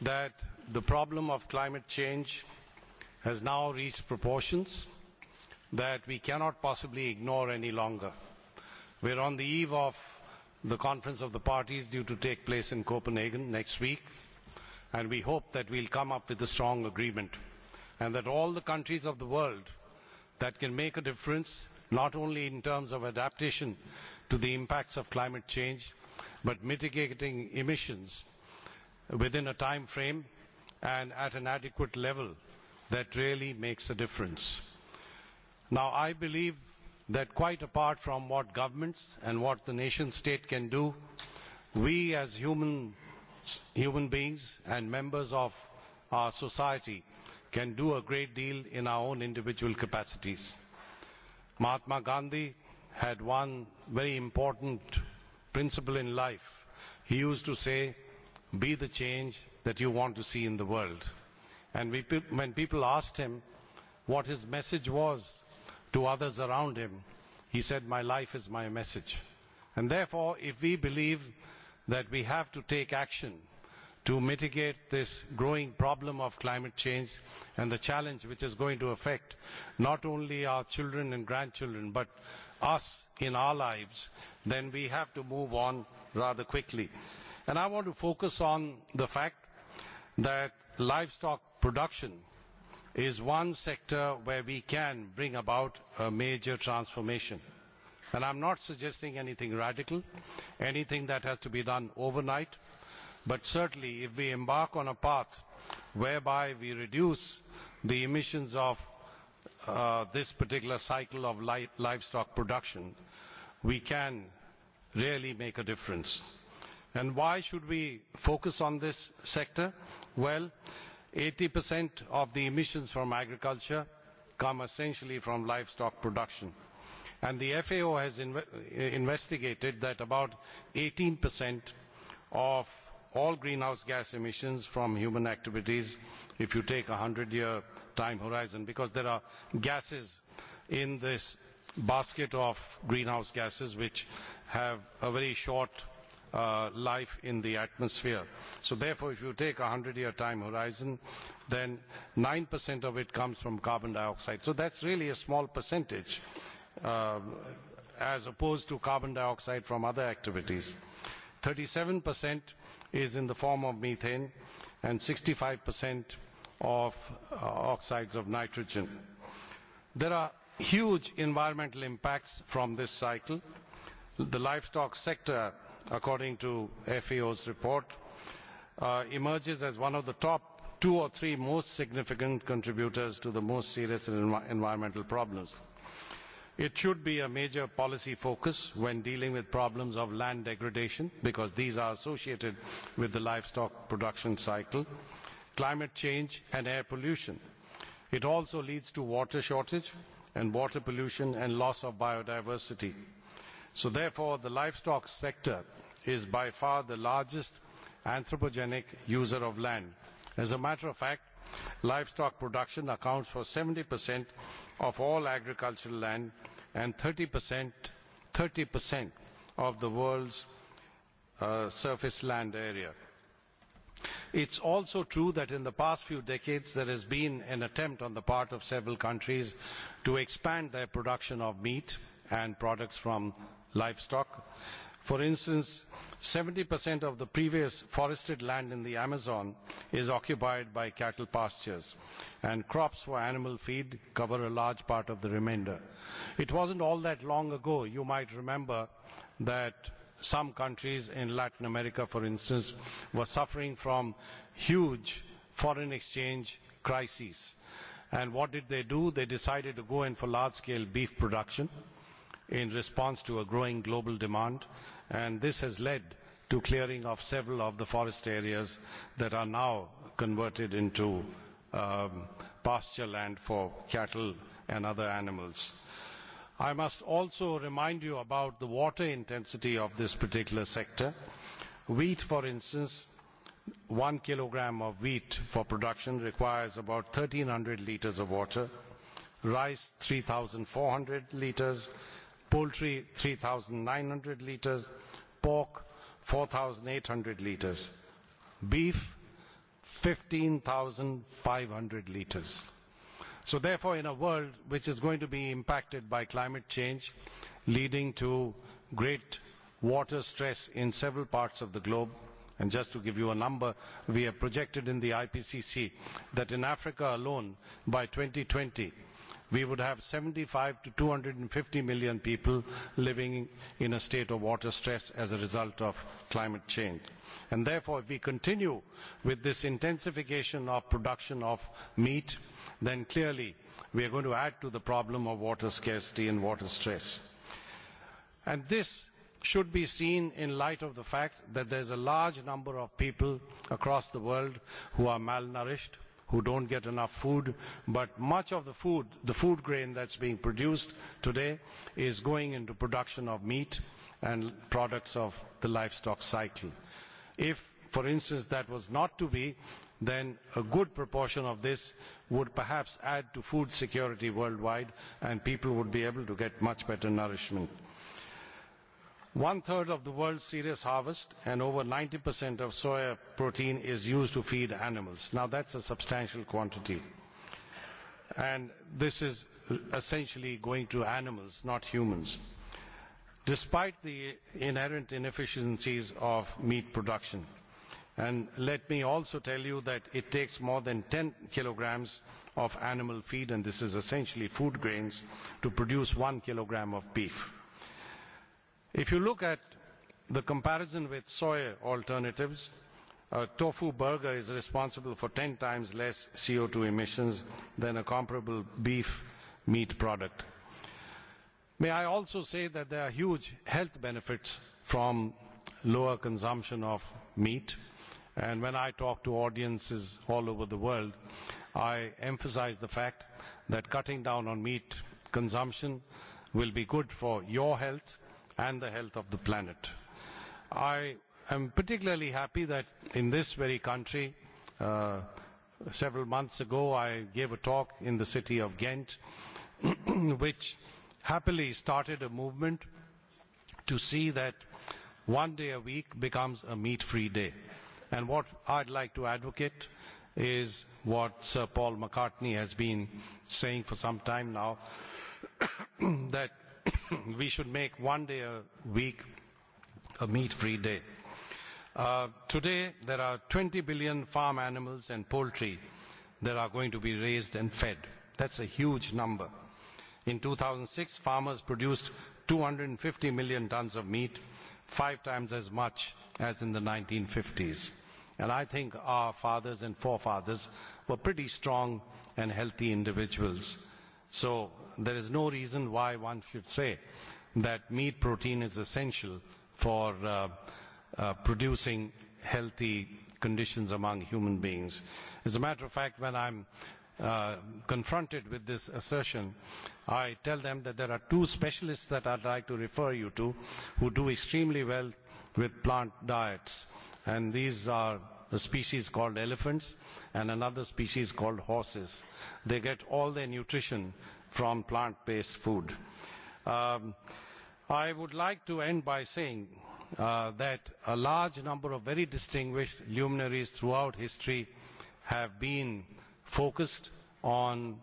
that the problem of climate change has now reached proportions that we cannot possibly ignore any longer. We are on the eve of the Conference of the Parties due to take place in Copenhagen next week, and we hope that we will come up with a strong agreement and that all the countries of the world that can make a difference not only in terms of adaptation to the impacts of climate change, but mitigating emissions within a time frame and at an adequate level that really makes a difference. Now, I believe that quite apart from what governments and what the nation state can do, we as human, human beings and members of our society can do a great deal in our own individual capacities. Mahatma Gandhi had one very important principle in life. He used to say, be the change that you want to see in the world. And we, when people asked him what his message was to others around him, he said, my life is my message. And therefore, if we believe that we have to take action to mitigate this growing problem of climate change and the challenge which is going to affect not only our children and grandchildren but us in our lives, then we have to move on rather quickly. And I want to focus on the fact that livestock production is one sector where we can bring about a major transformation. And I'm not suggesting anything radical, anything that has to be done overnight. But certainly, if we embark on a path whereby we reduce the emissions of uh, this particular cycle of li livestock production, we can really make a difference. And why should we focus on this sector? Well, 80% of the emissions from agriculture come essentially from livestock production. And the FAO has inve investigated that about 18% of all greenhouse gas emissions from human activities if you take a hundred year time horizon because there are gases in this basket of greenhouse gases which have a very short uh, life in the atmosphere. So therefore, if you take a 100-year time horizon, then 9% of it comes from carbon dioxide. So that's really a small percentage uh, as opposed to carbon dioxide from other activities. 37% is in the form of methane and 65% of uh, oxides of nitrogen. There are huge environmental impacts from this cycle. The livestock sector, according to FAO's report, uh, emerges as one of the top two or three most significant contributors to the most serious env environmental problems. It should be a major policy focus when dealing with problems of land degradation because these are associated with the livestock production cycle, climate change and air pollution. It also leads to water shortage and water pollution and loss of biodiversity. So therefore the livestock sector is by far the largest anthropogenic user of land. As a matter of fact, Livestock production accounts for 70% of all agricultural land and 30%, 30% of the world's uh, surface land area. It's also true that in the past few decades there has been an attempt on the part of several countries to expand their production of meat and products from livestock For instance, 70% of the previous forested land in the Amazon is occupied by cattle pastures, and crops for animal feed cover a large part of the remainder. It wasn't all that long ago, you might remember, that some countries in Latin America, for instance, were suffering from huge foreign exchange crises. And what did they do? They decided to go in for large-scale beef production in response to a growing global demand, and this has led to clearing of several of the forest areas that are now converted into um, pasture land for cattle and other animals. I must also remind you about the water intensity of this particular sector. Wheat, for instance, one kilogram of wheat for production requires about 1,300 litres of water, rice 3,400 litres, poultry three nine hundred litres, pork four eight hundred litres, beef fifteen five hundred litres. So therefore in a world which is going to be impacted by climate change leading to great water stress in several parts of the globe, And just to give you a number, we have projected in the IPCC that in Africa alone, by 2020, we would have seventy five to two hundred and fifty million people living in a state of water stress as a result of climate change. And therefore, if we continue with this intensification of production of meat, then clearly we are going to add to the problem of water scarcity and water stress. And this should be seen in light of the fact that there is a large number of people across the world who are malnourished, who don't get enough food. But much of the food, the food grain that's being produced today is going into production of meat and products of the livestock cycle. If, for instance, that was not to be, then a good proportion of this would perhaps add to food security worldwide and people would be able to get much better nourishment. One third of the world's cereals harvest and over 90% of soya protein is used to feed animals. Now that's a substantial quantity. And this is essentially going to animals, not humans. Despite the inherent inefficiencies of meat production, and let me also tell you that it takes more than 10 kilograms of animal feed, and this is essentially food grains, to produce one kilogram of beef. If you look at the comparison with soy alternatives, a uh, tofu burger is responsible for 10 times less CO2 emissions than a comparable beef meat product. May I also say that there are huge health benefits from lower consumption of meat. And when I talk to audiences all over the world, I emphasize the fact that cutting down on meat consumption will be good for your health and the health of the planet. I am particularly happy that in this very country, uh, several months ago, I gave a talk in the city of Ghent, *clears throat* which happily started a movement to see that one day a week becomes a meat-free day. And what I'd like to advocate is what Sir Paul McCartney has been saying for some time now, *clears throat* that *coughs* we should make one day a week a meat-free day. Uh, today, there are 20 billion farm animals and poultry that are going to be raised and fed. That's a huge number. In 2006, farmers produced 250 million tons of meat, five times as much as in the 1950s. And I think our fathers and forefathers were pretty strong and healthy individuals. So there is no reason why one should say that meat protein is essential for uh, uh, producing healthy conditions among human beings. As a matter of fact, when I'm uh, confronted with this assertion, I tell them that there are two specialists that I'd like to refer you to who do extremely well with plant diets. And these are a species called elephants and another species called horses. They get all their nutrition from plant-based food. Um, I would like to end by saying uh, that a large number of very distinguished luminaries throughout history have been focused on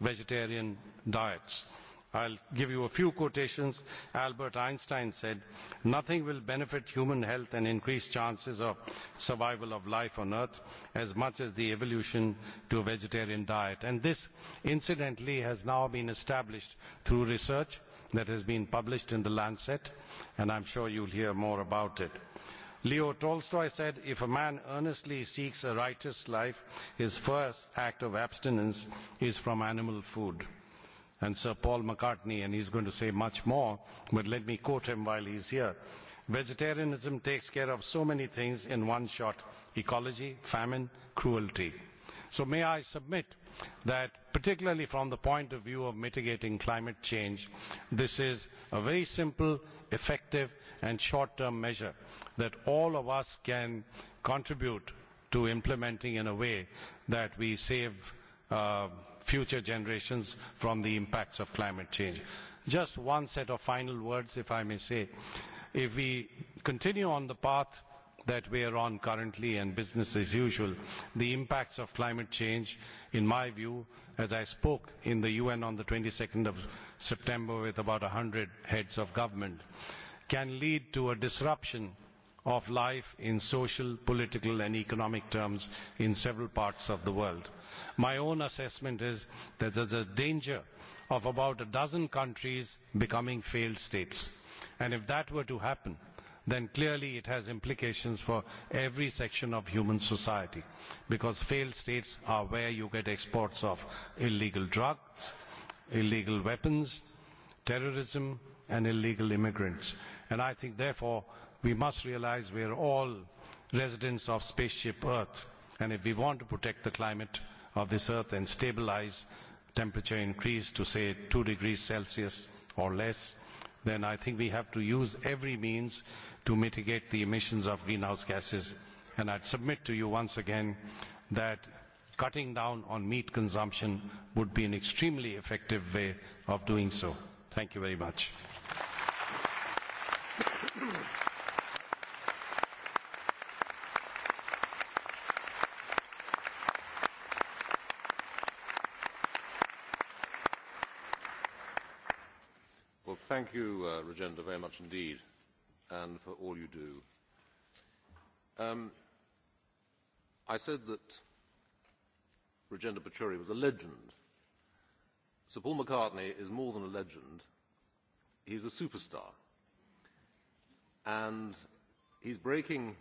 vegetarian diets. I will give you a few quotations. Albert Einstein said, Nothing will benefit human health and increase chances of survival of life on earth as much as the evolution to a vegetarian diet. And this, incidentally, has now been established through research that has been published in The Lancet, and I am sure you will hear more about it. Leo Tolstoy said, if a man earnestly seeks a righteous life, his first act of abstinence is from animal food and Sir Paul McCartney, and he's going to say much more, but let me quote him while he's here. Vegetarianism takes care of so many things in one shot ecology, famine, cruelty. So may I submit that, particularly from the point of view of mitigating climate change, this is a very simple, effective, and short-term measure that all of us can contribute to implementing in a way that we save uh, future generations from the impacts of climate change. Just one set of final words, if I may say. If we continue on the path that we are on currently and business as usual, the impacts of climate change, in my view, as I spoke in the UN on the 22nd of September with about 100 heads of government, can lead to a disruption of life in social, political and economic terms in several parts of the world. My own assessment is that there is a danger of about a dozen countries becoming failed states. And if that were to happen, then clearly it has implications for every section of human society because failed states are where you get exports of illegal drugs, illegal weapons, terrorism and illegal immigrants. And I think therefore we must realize we are all residents of spaceship Earth. And if we want to protect the climate of this Earth and stabilize temperature increase to, say, 2 degrees Celsius or less, then I think we have to use every means to mitigate the emissions of greenhouse gases. And I'd submit to you once again that cutting down on meat consumption would be an extremely effective way of doing so. Thank you very much. Thank you, uh, Rajendra, very much indeed, and for all you do. Um, I said that Rajendra Pachuri was a legend. Sir Paul McCartney is more than a legend. He's a superstar. And he's breaking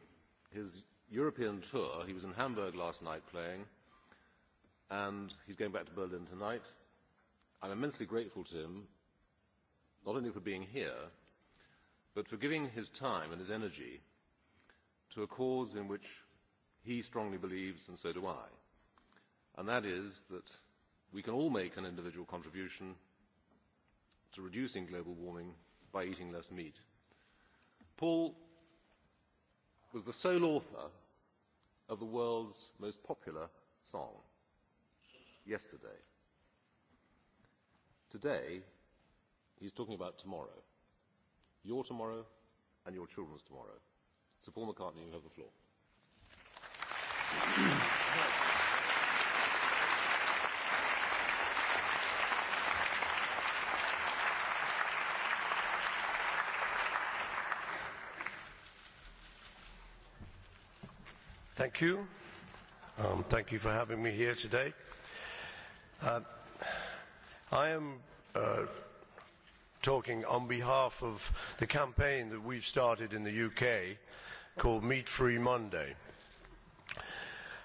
his European tour. He was in Hamburg last night playing, and he's going back to Berlin tonight. I'm immensely grateful to him not only for being here, but for giving his time and his energy to a cause in which he strongly believes, and so do I, and that is that we can all make an individual contribution to reducing global warming by eating less meat. Paul was the sole author of the world's most popular song, Yesterday. Today, He's talking about tomorrow. Your tomorrow and your children's tomorrow. Sir Paul McCartney, you have the floor. Thank you. Um, thank you for having me here today. Uh, I am uh, talking on behalf of the campaign that we've started in the UK called Meat Free Monday.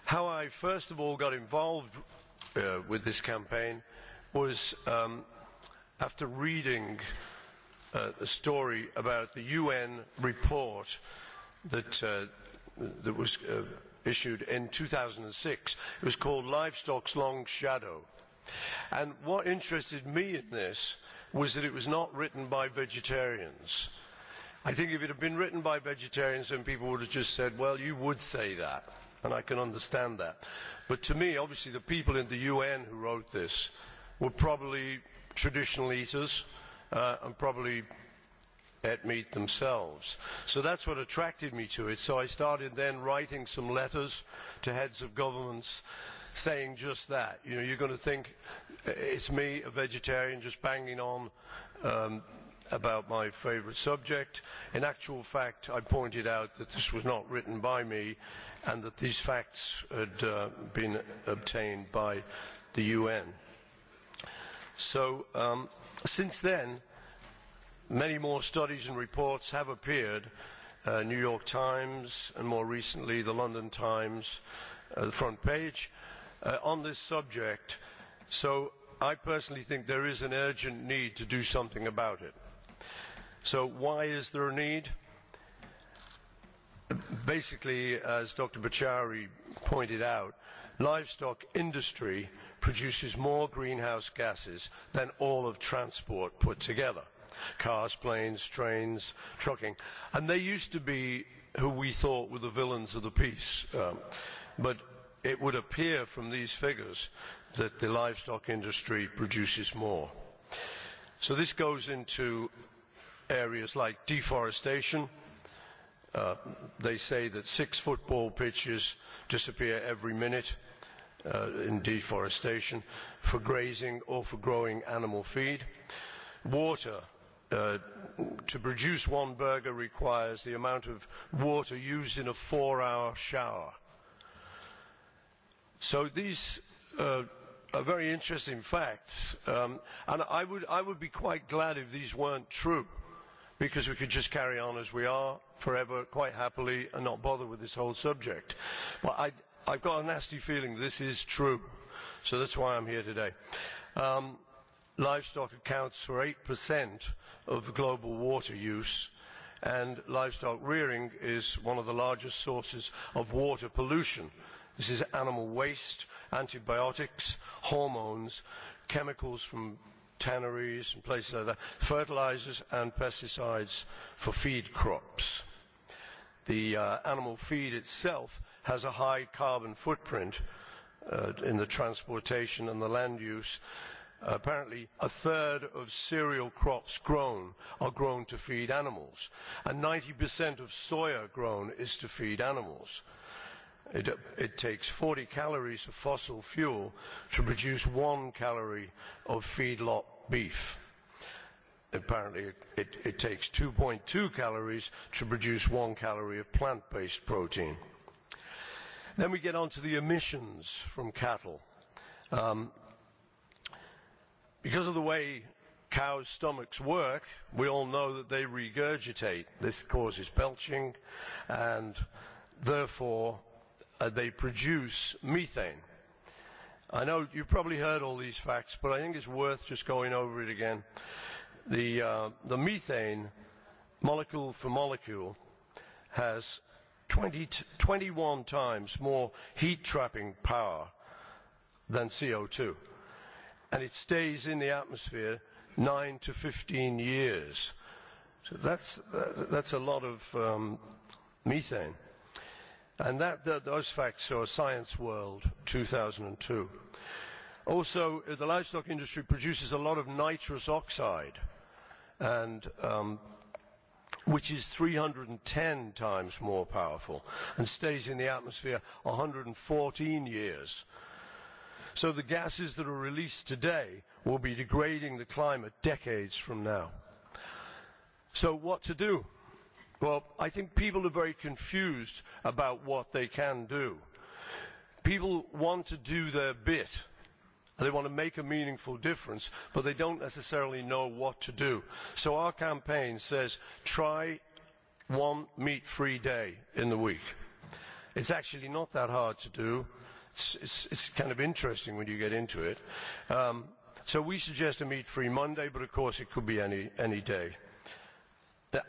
How I first of all got involved uh, with this campaign was um, after reading uh, a story about the UN report that, uh, that was uh, issued in 2006. It was called Livestock's Long Shadow. And what interested me in this was that it was not written by vegetarians. I think if it had been written by vegetarians, then people would have just said, well, you would say that, and I can understand that. But to me, obviously, the people in the UN who wrote this were probably traditional eaters uh, and probably at meat themselves. So that's what attracted me to it. So I started then writing some letters to heads of governments saying just that. You know, you're going to think It's me, a vegetarian, just banging on um, about my favourite subject. In actual fact, I pointed out that this was not written by me and that these facts had uh, been obtained by the UN. So um, since then, many more studies and reports have appeared, uh, New York Times and more recently the London Times, uh, the front page, uh, on this subject. So I personally think there is an urgent need to do something about it. So why is there a need? Basically, as Dr. Bachari pointed out, livestock industry produces more greenhouse gases than all of transport put together. Cars, planes, trains, trucking. And they used to be who we thought were the villains of the peace. Um, but it would appear from these figures that the livestock industry produces more. So this goes into areas like deforestation. Uh, they say that six football pitches disappear every minute uh, in deforestation for grazing or for growing animal feed. Water. Uh, to produce one burger requires the amount of water used in a four-hour shower. So these uh, a very interesting facts. Um, and I would, I would be quite glad if these weren't true, because we could just carry on as we are forever, quite happily, and not bother with this whole subject. But I, I've got a nasty feeling this is true. So that's why I'm here today. Um, livestock accounts for 8% of global water use, and livestock rearing is one of the largest sources of water pollution. This is animal waste antibiotics, hormones, chemicals from tanneries and places like that, fertilizers and pesticides for feed crops. The uh, animal feed itself has a high carbon footprint uh, in the transportation and the land use. Apparently, a third of cereal crops grown are grown to feed animals, and 90% of soya grown is to feed animals. It, it takes 40 calories of fossil fuel to produce one calorie of feedlot beef. Apparently, it, it, it takes 2.2 calories to produce one calorie of plant-based protein. Then we get on to the emissions from cattle. Um, because of the way cows' stomachs work, we all know that they regurgitate. This causes belching and therefore uh, they produce methane. I know you've probably heard all these facts, but I think it's worth just going over it again. The, uh, the methane, molecule for molecule, has 20 t 21 times more heat trapping power than CO2. And it stays in the atmosphere 9 to 15 years. So that's, that's a lot of um, methane. And that, that, those facts are Science World 2002. Also, uh, the livestock industry produces a lot of nitrous oxide, and, um, which is 310 times more powerful and stays in the atmosphere 114 years. So the gases that are released today will be degrading the climate decades from now. So what to do? Well, I think people are very confused about what they can do. People want to do their bit. They want to make a meaningful difference, but they don't necessarily know what to do. So our campaign says try one meat-free day in the week. It's actually not that hard to do. It's, it's, it's kind of interesting when you get into it. Um, so we suggest a meat-free Monday, but of course it could be any, any day.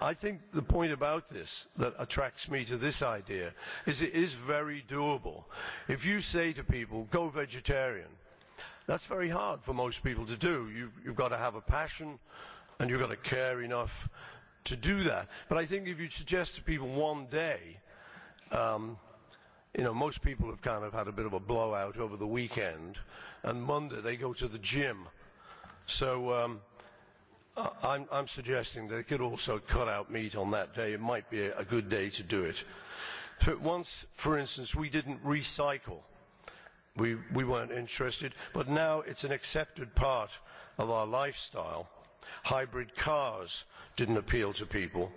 I think the point about this that attracts me to this idea is it is very doable. If you say to people, go vegetarian, that's very hard for most people to do. You've, you've got to have a passion and you've got to care enough to do that. But I think if you suggest to people one day, um, you know, most people have kind of had a bit of a blowout over the weekend and Monday they go to the gym. So, um, I'm, I'm suggesting they could also cut out meat on that day. It might be a good day to do it. once, for instance, we didn't recycle. We, we weren't interested, but now it's an accepted part of our lifestyle. Hybrid cars didn't appeal to people,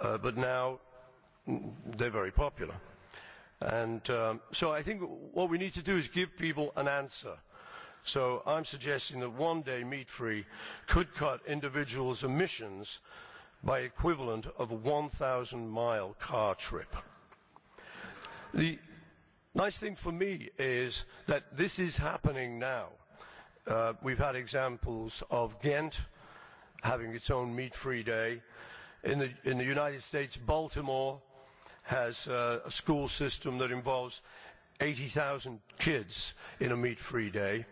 uh, but now mm, they're very popular. And um, so I think what we need to do is give people an answer So I'm suggesting that one day meat free could cut individuals' emissions by equivalent of a 1,000 mile car trip. The nice thing for me is that this is happening now. Uh, we've had examples of Ghent having its own meat free day. In the, in the United States, Baltimore has uh, a school system that involves 80,000 kids in a meat free day.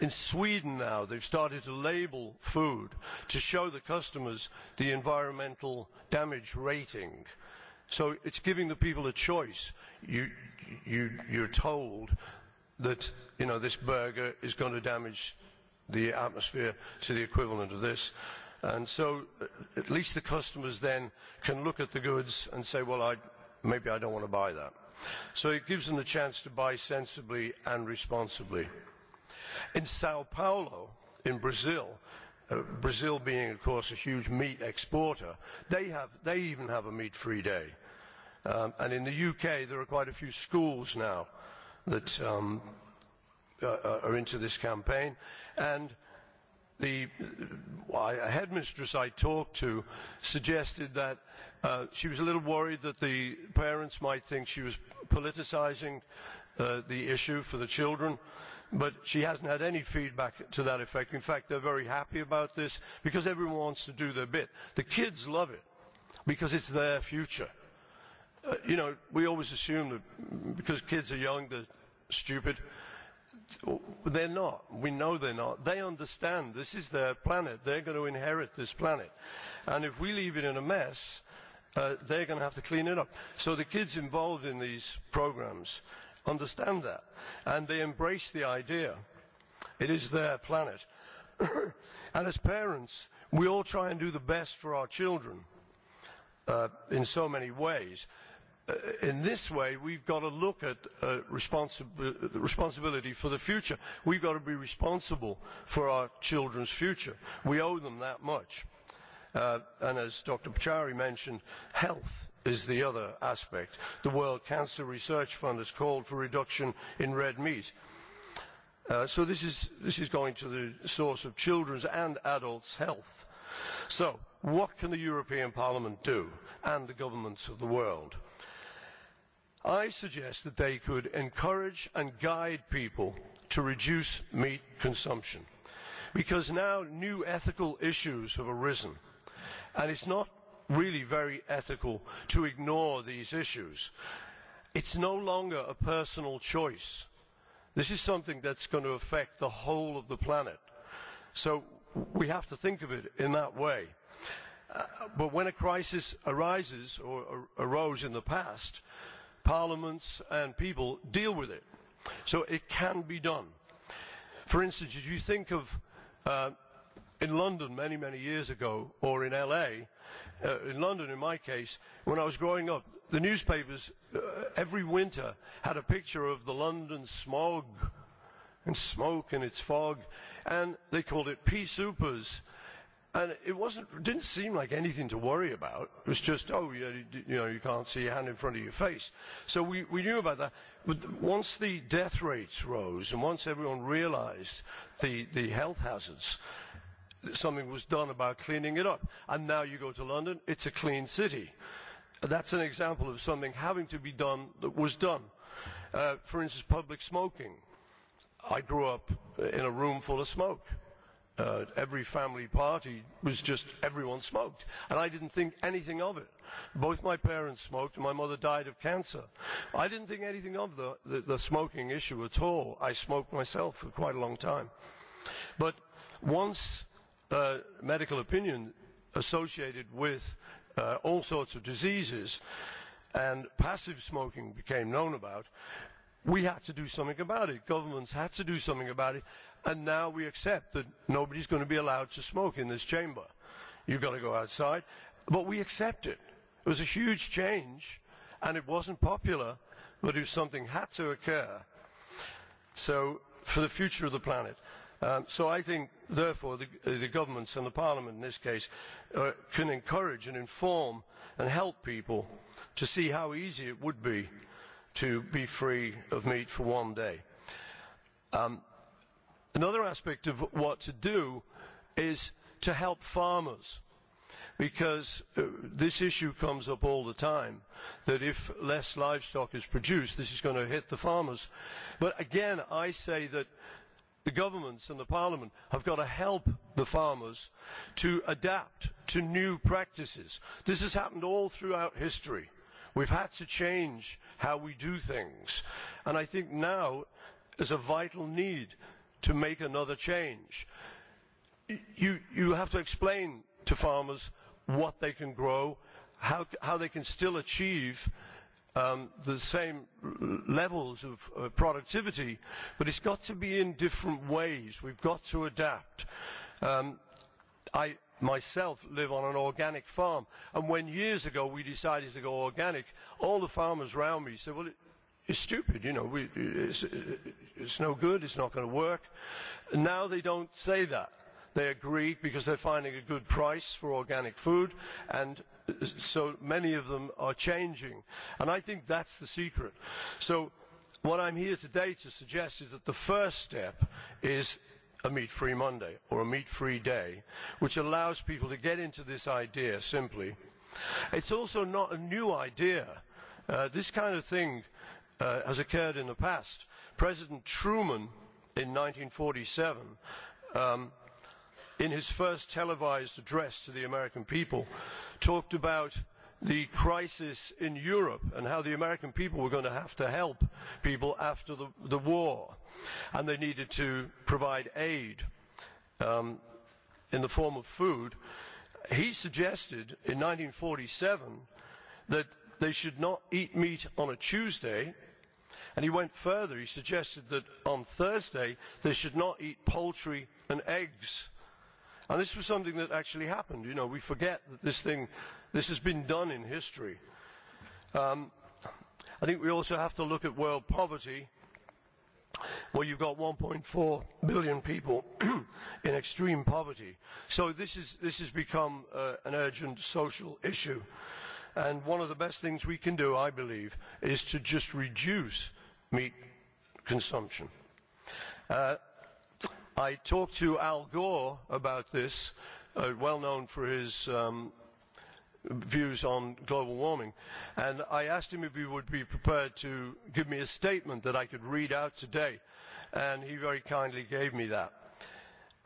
In Sweden now, they've started to label food to show the customers the environmental damage rating. So it's giving the people a choice. You, you, you're told that, you know, this burger is going to damage the atmosphere to the equivalent of this. And so uh, at least the customers then can look at the goods and say, well, I, maybe I don't want to buy that. So it gives them the chance to buy sensibly and responsibly. In Sao Paulo, in Brazil, uh, Brazil being, of course, a huge meat exporter, they, have, they even have a meat-free day. Um, and in the UK, there are quite a few schools now that um, uh, uh are into this campaign. And the uh, headmistress I talked to suggested that uh, she was a little worried that the parents might think she was politicizing uh, the issue for the children but she hasn't had any feedback to that effect. In fact, they're very happy about this because everyone wants to do their bit. The kids love it because it's their future. Uh, you know, we always assume that because kids are young, they're stupid. They're not. We know they're not. They understand this is their planet. They're going to inherit this planet. And if we leave it in a mess, uh, they're going to have to clean it up. So the kids involved in these programs understand that. And they embrace the idea. It is their planet. *coughs* and as parents, we all try and do the best for our children uh, in so many ways. Uh, in this way, we've got to look at uh, responsib responsibility for the future. We've got to be responsible for our children's future. We owe them that much. Uh, and as Dr. Pachari mentioned, health is the other aspect. The World Cancer Research Fund has called for reduction in red meat. Uh, so this is, this is going to the source of children's and adults' health. So what can the European Parliament do and the governments of the world? I suggest that they could encourage and guide people to reduce meat consumption because now new ethical issues have arisen and it's not really very ethical to ignore these issues. It's no longer a personal choice. This is something that's going to affect the whole of the planet. So we have to think of it in that way. Uh, but when a crisis arises or uh, arose in the past, parliaments and people deal with it. So it can be done. For instance, if you think of uh, in London many, many years ago or in LA, uh, in London, in my case, when I was growing up, the newspapers uh, every winter had a picture of the London smog and smoke and its fog, and they called it pea supers. And it wasn't, it didn't seem like anything to worry about. It was just, oh, yeah, you know, you can't see your hand in front of your face. So we, we knew about that. But once the death rates rose and once everyone realized the, the health hazards, something was done about cleaning it up. And now you go to London, it's a clean city. That's an example of something having to be done that was done. Uh, for instance, public smoking. I grew up in a room full of smoke. Uh, every family party was just everyone smoked, and I didn't think anything of it. Both my parents smoked, and my mother died of cancer. I didn't think anything of the, the, the smoking issue at all. I smoked myself for quite a long time. But once uh, medical opinion associated with uh, all sorts of diseases and passive smoking became known about, we had to do something about it. Governments had to do something about it. And now we accept that nobody's going to be allowed to smoke in this chamber. You've got to go outside. But we accept it. It was a huge change, and it wasn't popular, but it was something had to occur. So, for the future of the planet. Um, so I think, therefore, the, the governments and the parliament in this case uh, can encourage and inform and help people to see how easy it would be to be free of meat for one day. Um, another aspect of what to do is to help farmers because uh, this issue comes up all the time that if less livestock is produced, this is going to hit the farmers. But again, I say that the governments and the parliament have got to help the farmers to adapt to new practices. This has happened all throughout history. We've had to change how we do things. And I think now is a vital need to make another change. You, you have to explain to farmers what they can grow, how, how they can still achieve um, the same levels of uh, productivity, but it's got to be in different ways. We've got to adapt. Um, I myself live on an organic farm, and when years ago we decided to go organic, all the farmers around me said, well, it, it's stupid, you know, we, it's, it's no good, it's not going to work. Now they don't say that. They agree because they're finding a good price for organic food, and so many of them are changing. And I think that's the secret. So what I'm here today to suggest is that the first step is a meat-free Monday or a meat-free day, which allows people to get into this idea simply. It's also not a new idea. Uh, this kind of thing uh, has occurred in the past. President Truman in 1947 um, in his first televised address to the American people, talked about the crisis in Europe and how the American people were going to have to help people after the, the war. And they needed to provide aid um, in the form of food. He suggested in forty seven that they should not eat meat on a Tuesday. And he went further. He suggested that on Thursday they should not eat poultry and eggs And this was something that actually happened. You know, we forget that this thing, this has been done in history. Um, I think we also have to look at world poverty, where you've got 1.4 billion people *clears throat* in extreme poverty. So this, is, this has become uh, an urgent social issue. And one of the best things we can do, I believe, is to just reduce meat consumption. Uh, I talked to Al Gore about this, uh, well known for his um, views on global warming, and I asked him if he would be prepared to give me a statement that I could read out today, and he very kindly gave me that.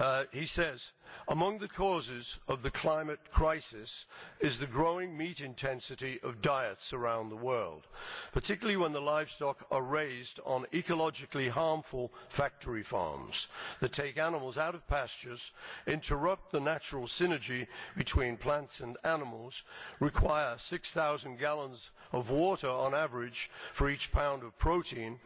Uh, he says, Among the causes of the climate crisis is the growing meat intensity of diets around the world, particularly when the livestock are raised on ecologically harmful factory farms that take animals out of pastures, interrupt the natural synergy between plants and animals, require 6,000 gallons of water on average for each pound of protein,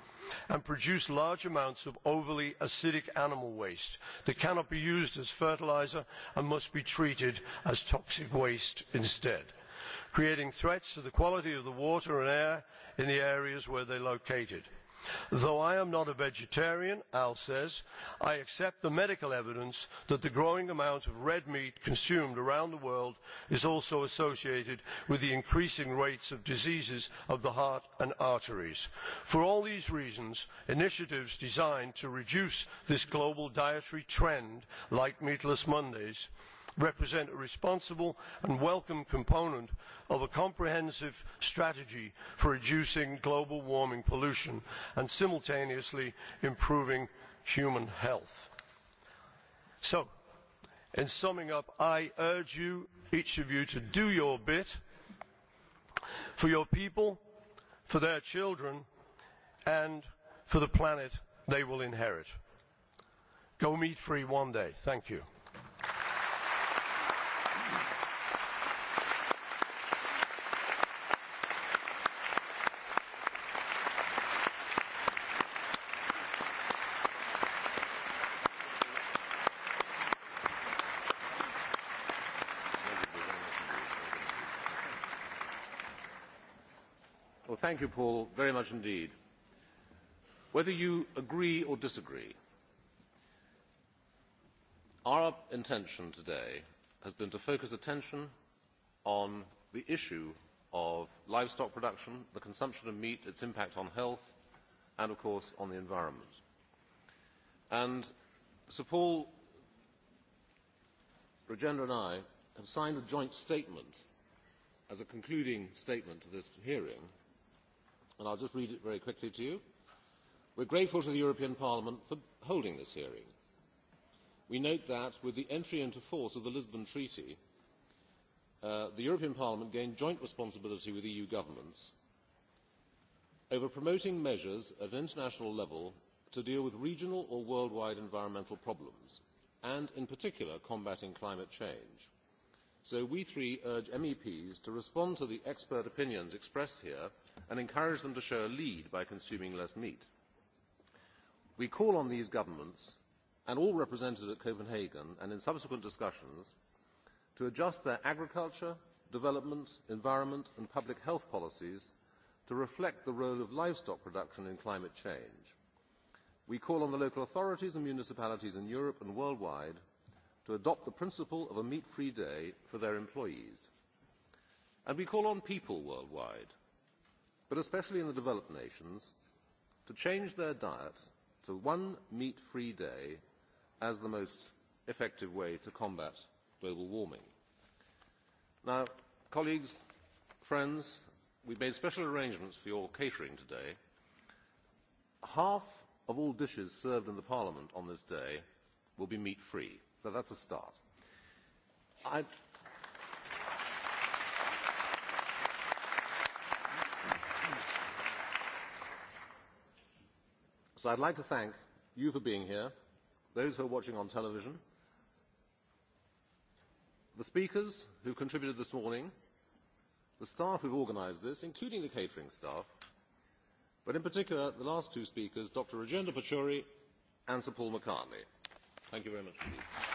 and produce large amounts of overly acidic animal waste that cannot be used as fertilizer fertiliser and must be treated as toxic waste instead, creating threats to the quality of the water and air in the areas where they are located. Though I am not a vegetarian, Al says, I accept the medical evidence that the growing amount of red meat consumed around the world is also associated with the increasing rates of diseases of the heart and arteries. For all these reasons, initiatives designed to reduce this global dietary trend, like Meatless Mondays, represent a responsible and welcome component of a comprehensive strategy for reducing global warming pollution and simultaneously improving human health. So, in summing up, I urge you, each of you, to do your bit for your people, for their children, and for the planet they will inherit. Go meat free one day. Thank you. thank you, Paul, very much indeed. Whether you agree or disagree, our intention today has been to focus attention on the issue of livestock production, the consumption of meat, its impact on health, and of course on the environment. And Sir Paul, Rajendra and I have signed a joint statement as a concluding statement to this hearing and I'll just read it very quickly to you. We're grateful to the European Parliament for holding this hearing. We note that with the entry into force of the Lisbon Treaty, uh, the European Parliament gained joint responsibility with EU governments over promoting measures at an international level to deal with regional or worldwide environmental problems, and in particular combating climate change so we three urge meps to respond to the expert opinions expressed here and encourage them to show a lead by consuming less meat. we call on these governments and all represented at copenhagen and in subsequent discussions to adjust their agriculture development environment and public health policies to reflect the role of livestock production in climate change. we call on the local authorities and municipalities in europe and worldwide to adopt the principle of a meat free day for their employees. And we call on people worldwide, but especially in the developed nations, to change their diet to one meat free day as the most effective way to combat global warming. Now, colleagues, friends, we've made special arrangements for your catering today. Half of all dishes served in the Parliament on this day will be meat free. So that's a start. I, So I'd like to thank you for being here, those who are watching on television, the speakers who contributed this morning, the staff who've organised this, including the catering staff, but in particular the last two speakers, Dr. Rajendra Pachuri and Sir Paul McCartney. Thank you very much indeed.